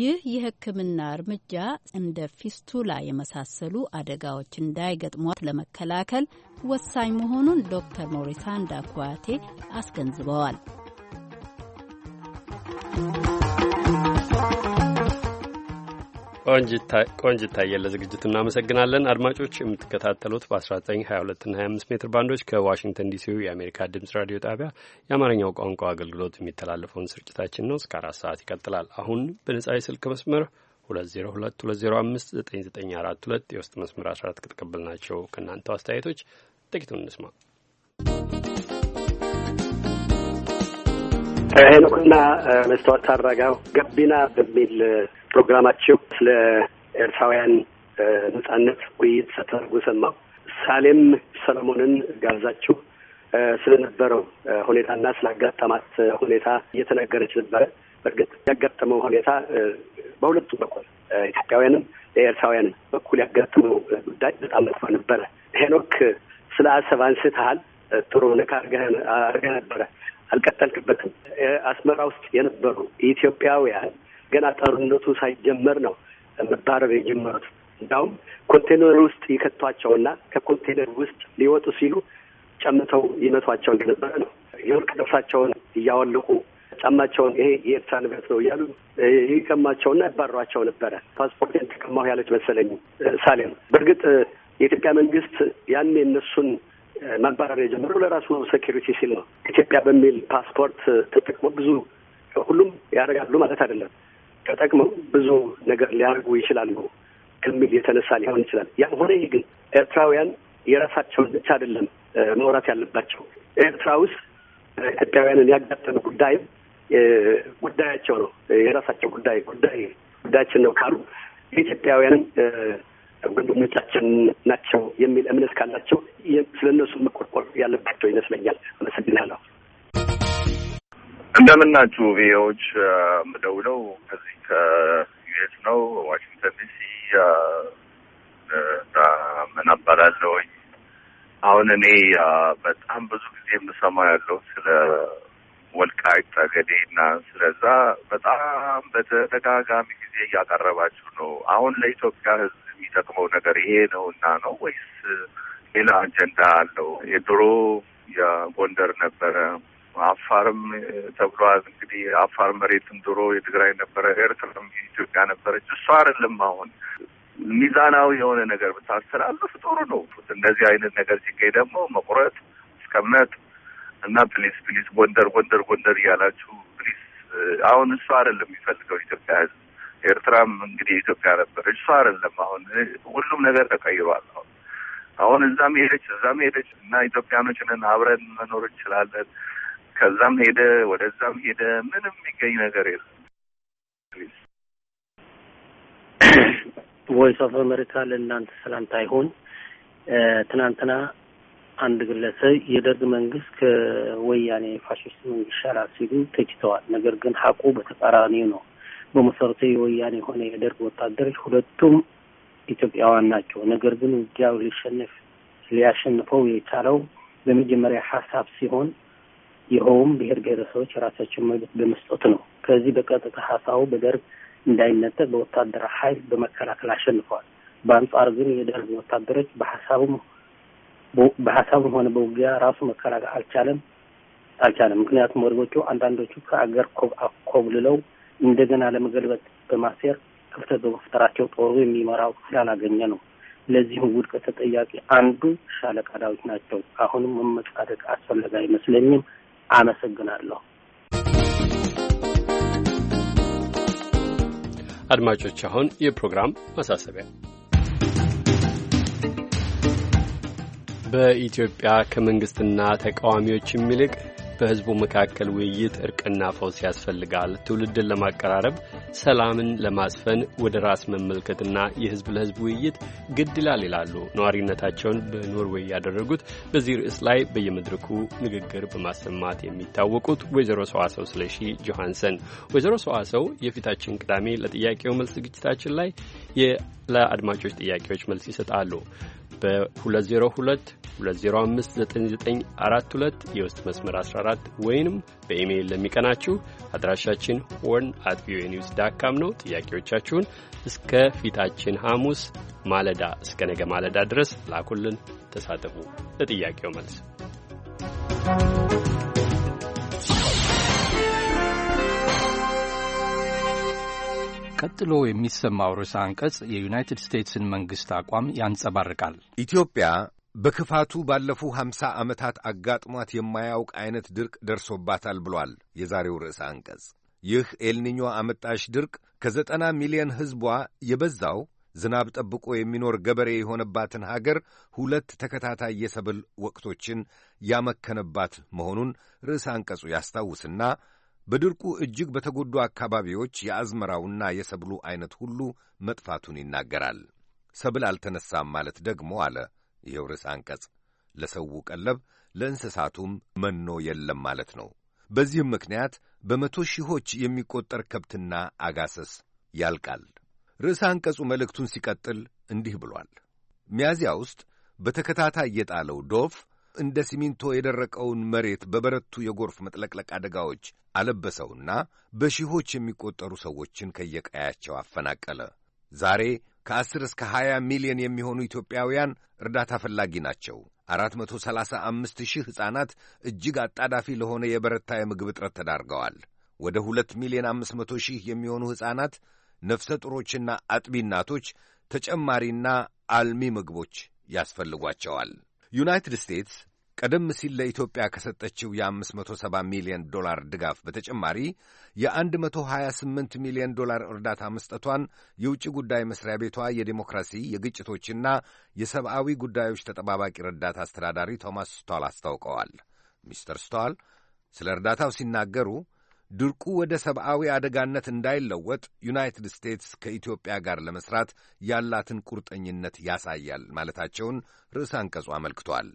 ይህ የሕክምና እርምጃ እንደ ፊስቱላ የመሳሰሉ አደጋዎች እንዳይገጥሟት ለመከላከል ወሳኝ መሆኑን ዶክተር ሞሪሳንዳ ኩዋቴ አስገንዝበዋል። ቆንጅ ታየ ለዝግጅቱ እናመሰግናለን። አድማጮች የምትከታተሉት በ1922 25 ሜትር ባንዶች ከዋሽንግተን ዲሲው የአሜሪካ ድምፅ ራዲዮ ጣቢያ የአማርኛው ቋንቋ አገልግሎት የሚተላለፈውን ስርጭታችን ነው። እስከ አራት ሰዓት ይቀጥላል። አሁን በነጻ የስልክ መስመር 2022059942 የውስጥ መስመር 14 ከተቀበልናቸው ከእናንተ አስተያየቶች ጥቂቱን እንስማ። ሄኖክና መስተዋት ታራጋው ገቢና በሚል ፕሮግራማቸው ስለ ኤርትራውያን ነጻነት ውይይት ሰተርጉ ሰማው ሳሌም ሰለሞንን ጋብዛችሁ ስለነበረው ሁኔታና ስላጋጠማት ሁኔታ እየተነገረች ነበረ። በእርግጥ ያጋጠመው ሁኔታ በሁለቱም በኩል ኢትዮጵያውያንም የኤርትራውያንም በኩል ያጋጠመው ጉዳይ በጣም መጥፎ ነበረ። ሄኖክ ስለ አሰብ አንስተሃል። ጥሩ ነካ አርገ ነበረ አልቀጠልክበትም። አስመራ ውስጥ የነበሩ ኢትዮጵያውያን ገና ጦርነቱ ሳይጀመር ነው መባረር የጀመሩት። እንዲያውም ኮንቴነር ውስጥ ይከቷቸውና ከኮንቴነር ውስጥ ሊወጡ ሲሉ ጨምተው ይመቷቸው እንደነበረ ነው። የወርቅ ልብሳቸውን እያወለቁ ጫማቸውን ይሄ የኤርትራ ንብረት ነው እያሉ ይቀማቸውና ያባሯቸው ነበረ። ፓስፖርቴን ተቀማሁ ያለች መሰለኝ ሳሌም። በእርግጥ የኢትዮጵያ መንግስት ያን የእነሱን ማባረር የጀመረው ለራሱ ሴኪሪቲ ሲል ነው። ኢትዮጵያ በሚል ፓስፖርት ተጠቅሞ ብዙ ሁሉም ያደርጋሉ ማለት አይደለም። ተጠቅመው ብዙ ነገር ሊያደርጉ ይችላሉ ከሚል የተነሳ ሊሆን ይችላል። ያም ሆነ ይህ ግን ኤርትራውያን የራሳቸውን ብቻ አይደለም መውራት ያለባቸው። ኤርትራ ውስጥ ኢትዮጵያውያንን ያጋጠመ ጉዳይም ጉዳያቸው ነው። የራሳቸው ጉዳይ ጉዳይ ጉዳያችን ነው ካሉ የኢትዮጵያውያንን ወንድሞቻችን ናቸው የሚል እምነት ካላቸው ስለ እነሱ መቆርቆር ያለባቸው ይመስለኛል። አመሰግናለሁ። እንደምናችሁ ቪዎች ምደውለው ከዚህ ከዩኤስ ነው ዋሽንግተን ዲሲ ምን አባላለሁኝ። አሁን እኔ በጣም ብዙ ጊዜ የምሰማ ያለው ስለ ወልቃይት ጠገዴ እና ስለዛ በጣም በተደጋጋሚ ጊዜ እያቀረባችሁ ነው። አሁን ለኢትዮጵያ ሕዝብ የሚጠቅመው ነገር ይሄ ነው እና ነው ወይስ ሌላ አጀንዳ አለው? የድሮ የጎንደር ነበረ አፋርም ተብሏል። እንግዲህ አፋር መሬትም ድሮ የትግራይ ነበረ፣ ኤርትራም ኢትዮጵያ ነበረች። እሱ አይደለም አሁን ሚዛናዊ የሆነ ነገር ብታስተላልፍ ጥሩ ነው። እንደዚህ አይነት ነገር ሲገኝ ደግሞ መቁረጥ እስከምነት እና ፕሊስ ፕሊስ ጎንደር ጎንደር ጎንደር እያላችሁ ፕሊስ። አሁን እሱ አይደለም የሚፈልገው ኢትዮጵያ ሕዝብ ኤርትራም እንግዲህ ኢትዮጵያ ነበረች። እሷ አይደለም አሁን ሁሉም ነገር ተቀይሯል። አሁን አሁን እዛም ሄደች እዛም ሄደች እና ኢትዮጵያኖችንን አብረን መኖር እንችላለን። ከዛም ሄደ ወደዛም ሄደ ምንም የሚገኝ ነገር የለም። ቮይስ ኦፍ አሜሪካ ለእናንተ ሰላምታ አይሆን። ትናንትና አንድ ግለሰብ የደርግ መንግስት ከወያኔ ፋሽስት መንግስት ይሻላል ሲሉ ተችተዋል። ነገር ግን ሀቁ በተቃራኒው ነው። በመሰረቱ የወያኔ የሆነ የደርግ ወታደሮች ሁለቱም ኢትዮጵያውያን ናቸው። ነገር ግን ውጊያው ሊሸንፍ ሊያሸንፈው የቻለው በመጀመሪያ ሀሳብ ሲሆን ይኸውም ብሔር ብሔረሰቦች የራሳቸውን መብት በመስጠት ነው። ከዚህ በቀጥታ ሀሳቡ በደርግ እንዳይነጠቅ በወታደራዊ ኃይል በመከላከል አሸንፈዋል። በአንጻር ግን የደርግ ወታደሮች በሀሳቡም በሀሳቡም ሆነ በውጊያ ራሱ መከላከል አልቻለም አልቻለም። ምክንያቱም ወድቦቹ አንዳንዶቹ ከአገር ኮብልለው እንደገና ለመገልበጥ በማሴር ክፍተት በመፍጠራቸው ጦሩ የሚመራው ስላላገኘ ነው። ለዚህም ውድቀት ተጠያቂ አንዱ ሻለቃ ዳዊት ናቸው። አሁንም መመጻደቅ አስፈለጋ አይመስለኝም። አመሰግናለሁ። አድማጮች፣ አሁን የፕሮግራም ማሳሰቢያ በኢትዮጵያ ከመንግስትና ተቃዋሚዎች የሚልቅ በሕዝቡ መካከል ውይይት፣ እርቅና ፈውስ ያስፈልጋል። ትውልድን ለማቀራረብ፣ ሰላምን ለማስፈን ወደ ራስ መመልከትና የሕዝብ ለሕዝብ ውይይት ግድ ይላል ይላሉ ነዋሪነታቸውን በኖርዌይ ያደረጉት በዚህ ርዕስ ላይ በየመድረኩ ንግግር በማሰማት የሚታወቁት ወይዘሮ ሰዋሰው ስለሺ ጆሃንሰን። ወይዘሮ ሰዋሰው የፊታችን ቅዳሜ ለጥያቄው መልስ ዝግጅታችን ላይ ለአድማጮች ጥያቄዎች መልስ ይሰጣሉ። በ202 2059942 የውስጥ መስመር 14 ወይንም በኢሜይል ለሚቀናችሁ አድራሻችን ሆርን አት ቪኦኤ ኒውስ ዳካም ነው። ጥያቄዎቻችሁን እስከ ፊታችን ሐሙስ ማለዳ እስከ ነገ ማለዳ ድረስ ላኩልን። ተሳተፉ። ለጥያቄው መልስ ቀጥሎ የሚሰማው ርዕሰ አንቀጽ የዩናይትድ ስቴትስን መንግሥት አቋም ያንጸባርቃል። ኢትዮጵያ በክፋቱ ባለፉ ሀምሳ ዓመታት አጋጥሟት የማያውቅ አይነት ድርቅ ደርሶባታል ብሏል የዛሬው ርዕሰ አንቀጽ። ይህ ኤልኒኞ አመጣሽ ድርቅ ከዘጠና ሚሊዮን ሕዝቧ የበዛው ዝናብ ጠብቆ የሚኖር ገበሬ የሆነባትን ሀገር ሁለት ተከታታይ የሰብል ወቅቶችን ያመከነባት መሆኑን ርዕሰ አንቀጹ ያስታውስና በድርቁ እጅግ በተጎዱ አካባቢዎች የአዝመራውና የሰብሉ ዐይነት ሁሉ መጥፋቱን ይናገራል። ሰብል አልተነሳም ማለት ደግሞ አለ ይኸው ርዕስ አንቀጽ ለሰው ቀለብ ለእንስሳቱም መኖ የለም ማለት ነው። በዚህም ምክንያት በመቶ ሺዎች የሚቆጠር ከብትና አጋሰስ ያልቃል። ርዕሰ አንቀጹ መልእክቱን ሲቀጥል እንዲህ ብሏል። ሚያዚያ ውስጥ በተከታታይ የጣለው ዶፍ እንደ ሲሚንቶ የደረቀውን መሬት በበረቱ የጎርፍ መጥለቅለቅ አደጋዎች አለበሰውና በሺዎች የሚቆጠሩ ሰዎችን ከየቀያቸው አፈናቀለ። ዛሬ ከአስር እስከ 20 ሚሊዮን የሚሆኑ ኢትዮጵያውያን እርዳታ ፈላጊ ናቸው። አምስት ሺህ ሕፃናት እጅግ አጣዳፊ ለሆነ የበረታ የምግብ እጥረት ተዳርገዋል። ወደ ሁለት ሚሊዮን 500 ሺህ የሚሆኑ ሕፃናት፣ ነፍሰ ጡሮችና አጥቢ እናቶች ተጨማሪና አልሚ ምግቦች ያስፈልጓቸዋል። ዩናይትድ ስቴትስ ቀደም ሲል ለኢትዮጵያ ከሰጠችው የ570 ሚሊዮን ዶላር ድጋፍ በተጨማሪ የ128 ሚሊዮን ዶላር እርዳታ መስጠቷን የውጭ ጉዳይ መስሪያ ቤቷ የዴሞክራሲ የግጭቶችና የሰብአዊ ጉዳዮች ተጠባባቂ ረዳት አስተዳዳሪ ቶማስ ስቷል አስታውቀዋል። ሚስተር ስቷል ስለ እርዳታው ሲናገሩ ድርቁ ወደ ሰብአዊ አደጋነት እንዳይለወጥ ዩናይትድ ስቴትስ ከኢትዮጵያ ጋር ለመስራት ያላትን ቁርጠኝነት ያሳያል ማለታቸውን ርዕሰ አንቀጹ አመልክቷል።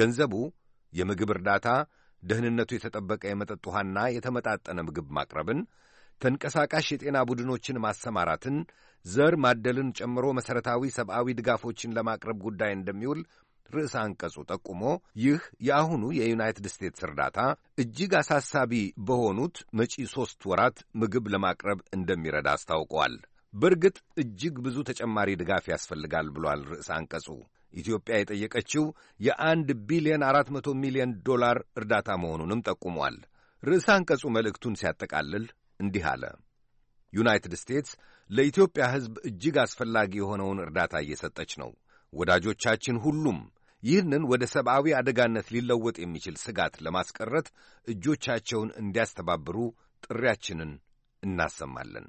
ገንዘቡ የምግብ እርዳታ፣ ደህንነቱ የተጠበቀ የመጠጥ ውሃና የተመጣጠነ ምግብ ማቅረብን፣ ተንቀሳቃሽ የጤና ቡድኖችን ማሰማራትን፣ ዘር ማደልን ጨምሮ መሠረታዊ ሰብአዊ ድጋፎችን ለማቅረብ ጉዳይ እንደሚውል ርዕሰ አንቀጹ ጠቁሞ ይህ የአሁኑ የዩናይትድ ስቴትስ እርዳታ እጅግ አሳሳቢ በሆኑት መጪ ሦስት ወራት ምግብ ለማቅረብ እንደሚረዳ አስታውቀዋል። በእርግጥ እጅግ ብዙ ተጨማሪ ድጋፍ ያስፈልጋል ብሏል ርዕሰ አንቀጹ። ኢትዮጵያ የጠየቀችው የአንድ ቢሊዮን አራት መቶ ሚሊዮን ዶላር እርዳታ መሆኑንም ጠቁሟል። ርዕሰ አንቀጹ መልእክቱን ሲያጠቃልል እንዲህ አለ። ዩናይትድ ስቴትስ ለኢትዮጵያ ሕዝብ እጅግ አስፈላጊ የሆነውን እርዳታ እየሰጠች ነው። ወዳጆቻችን ሁሉም ይህንን ወደ ሰብአዊ አደጋነት ሊለወጥ የሚችል ስጋት ለማስቀረት እጆቻቸውን እንዲያስተባብሩ ጥሪያችንን እናሰማለን።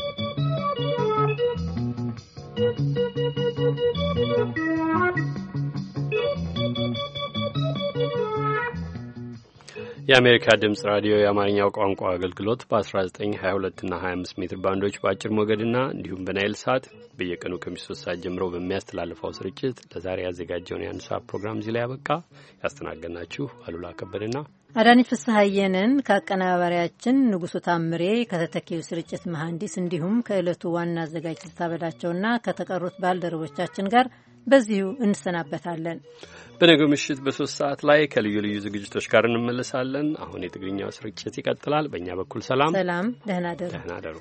የአሜሪካ ድምጽ ራዲዮ የአማርኛው ቋንቋ አገልግሎት በ1922 እና 25 ሜትር ባንዶች በአጭር ሞገድና እንዲሁም በናይል ሰዓት በየቀኑ ከምሽቱ ሶስት ሰዓት ጀምሮ በሚያስተላልፈው ስርጭት ለዛሬ ያዘጋጀውን የአንድ ሰዓት ፕሮግራም እዚህ ላይ ያበቃ። ያስተናገድናችሁ አሉላ ከበደና አዳነች ፍስሐየንን ከአቀናባሪያችን ንጉሱ ታምሬ ከተተኪው ስርጭት መሐንዲስ እንዲሁም ከዕለቱ ዋና አዘጋጅ ስታበላቸውና ከተቀሩት ባልደረቦቻችን ጋር በዚሁ እንሰናበታለን። በነገው ምሽት በሶስት ሰዓት ላይ ከልዩ ልዩ ዝግጅቶች ጋር እንመልሳለን። አሁን የትግርኛው ስርጭት ይቀጥላል። በእኛ በኩል ሰላም ሰላም፣ ደህና ደሩ ደህና ደሩ።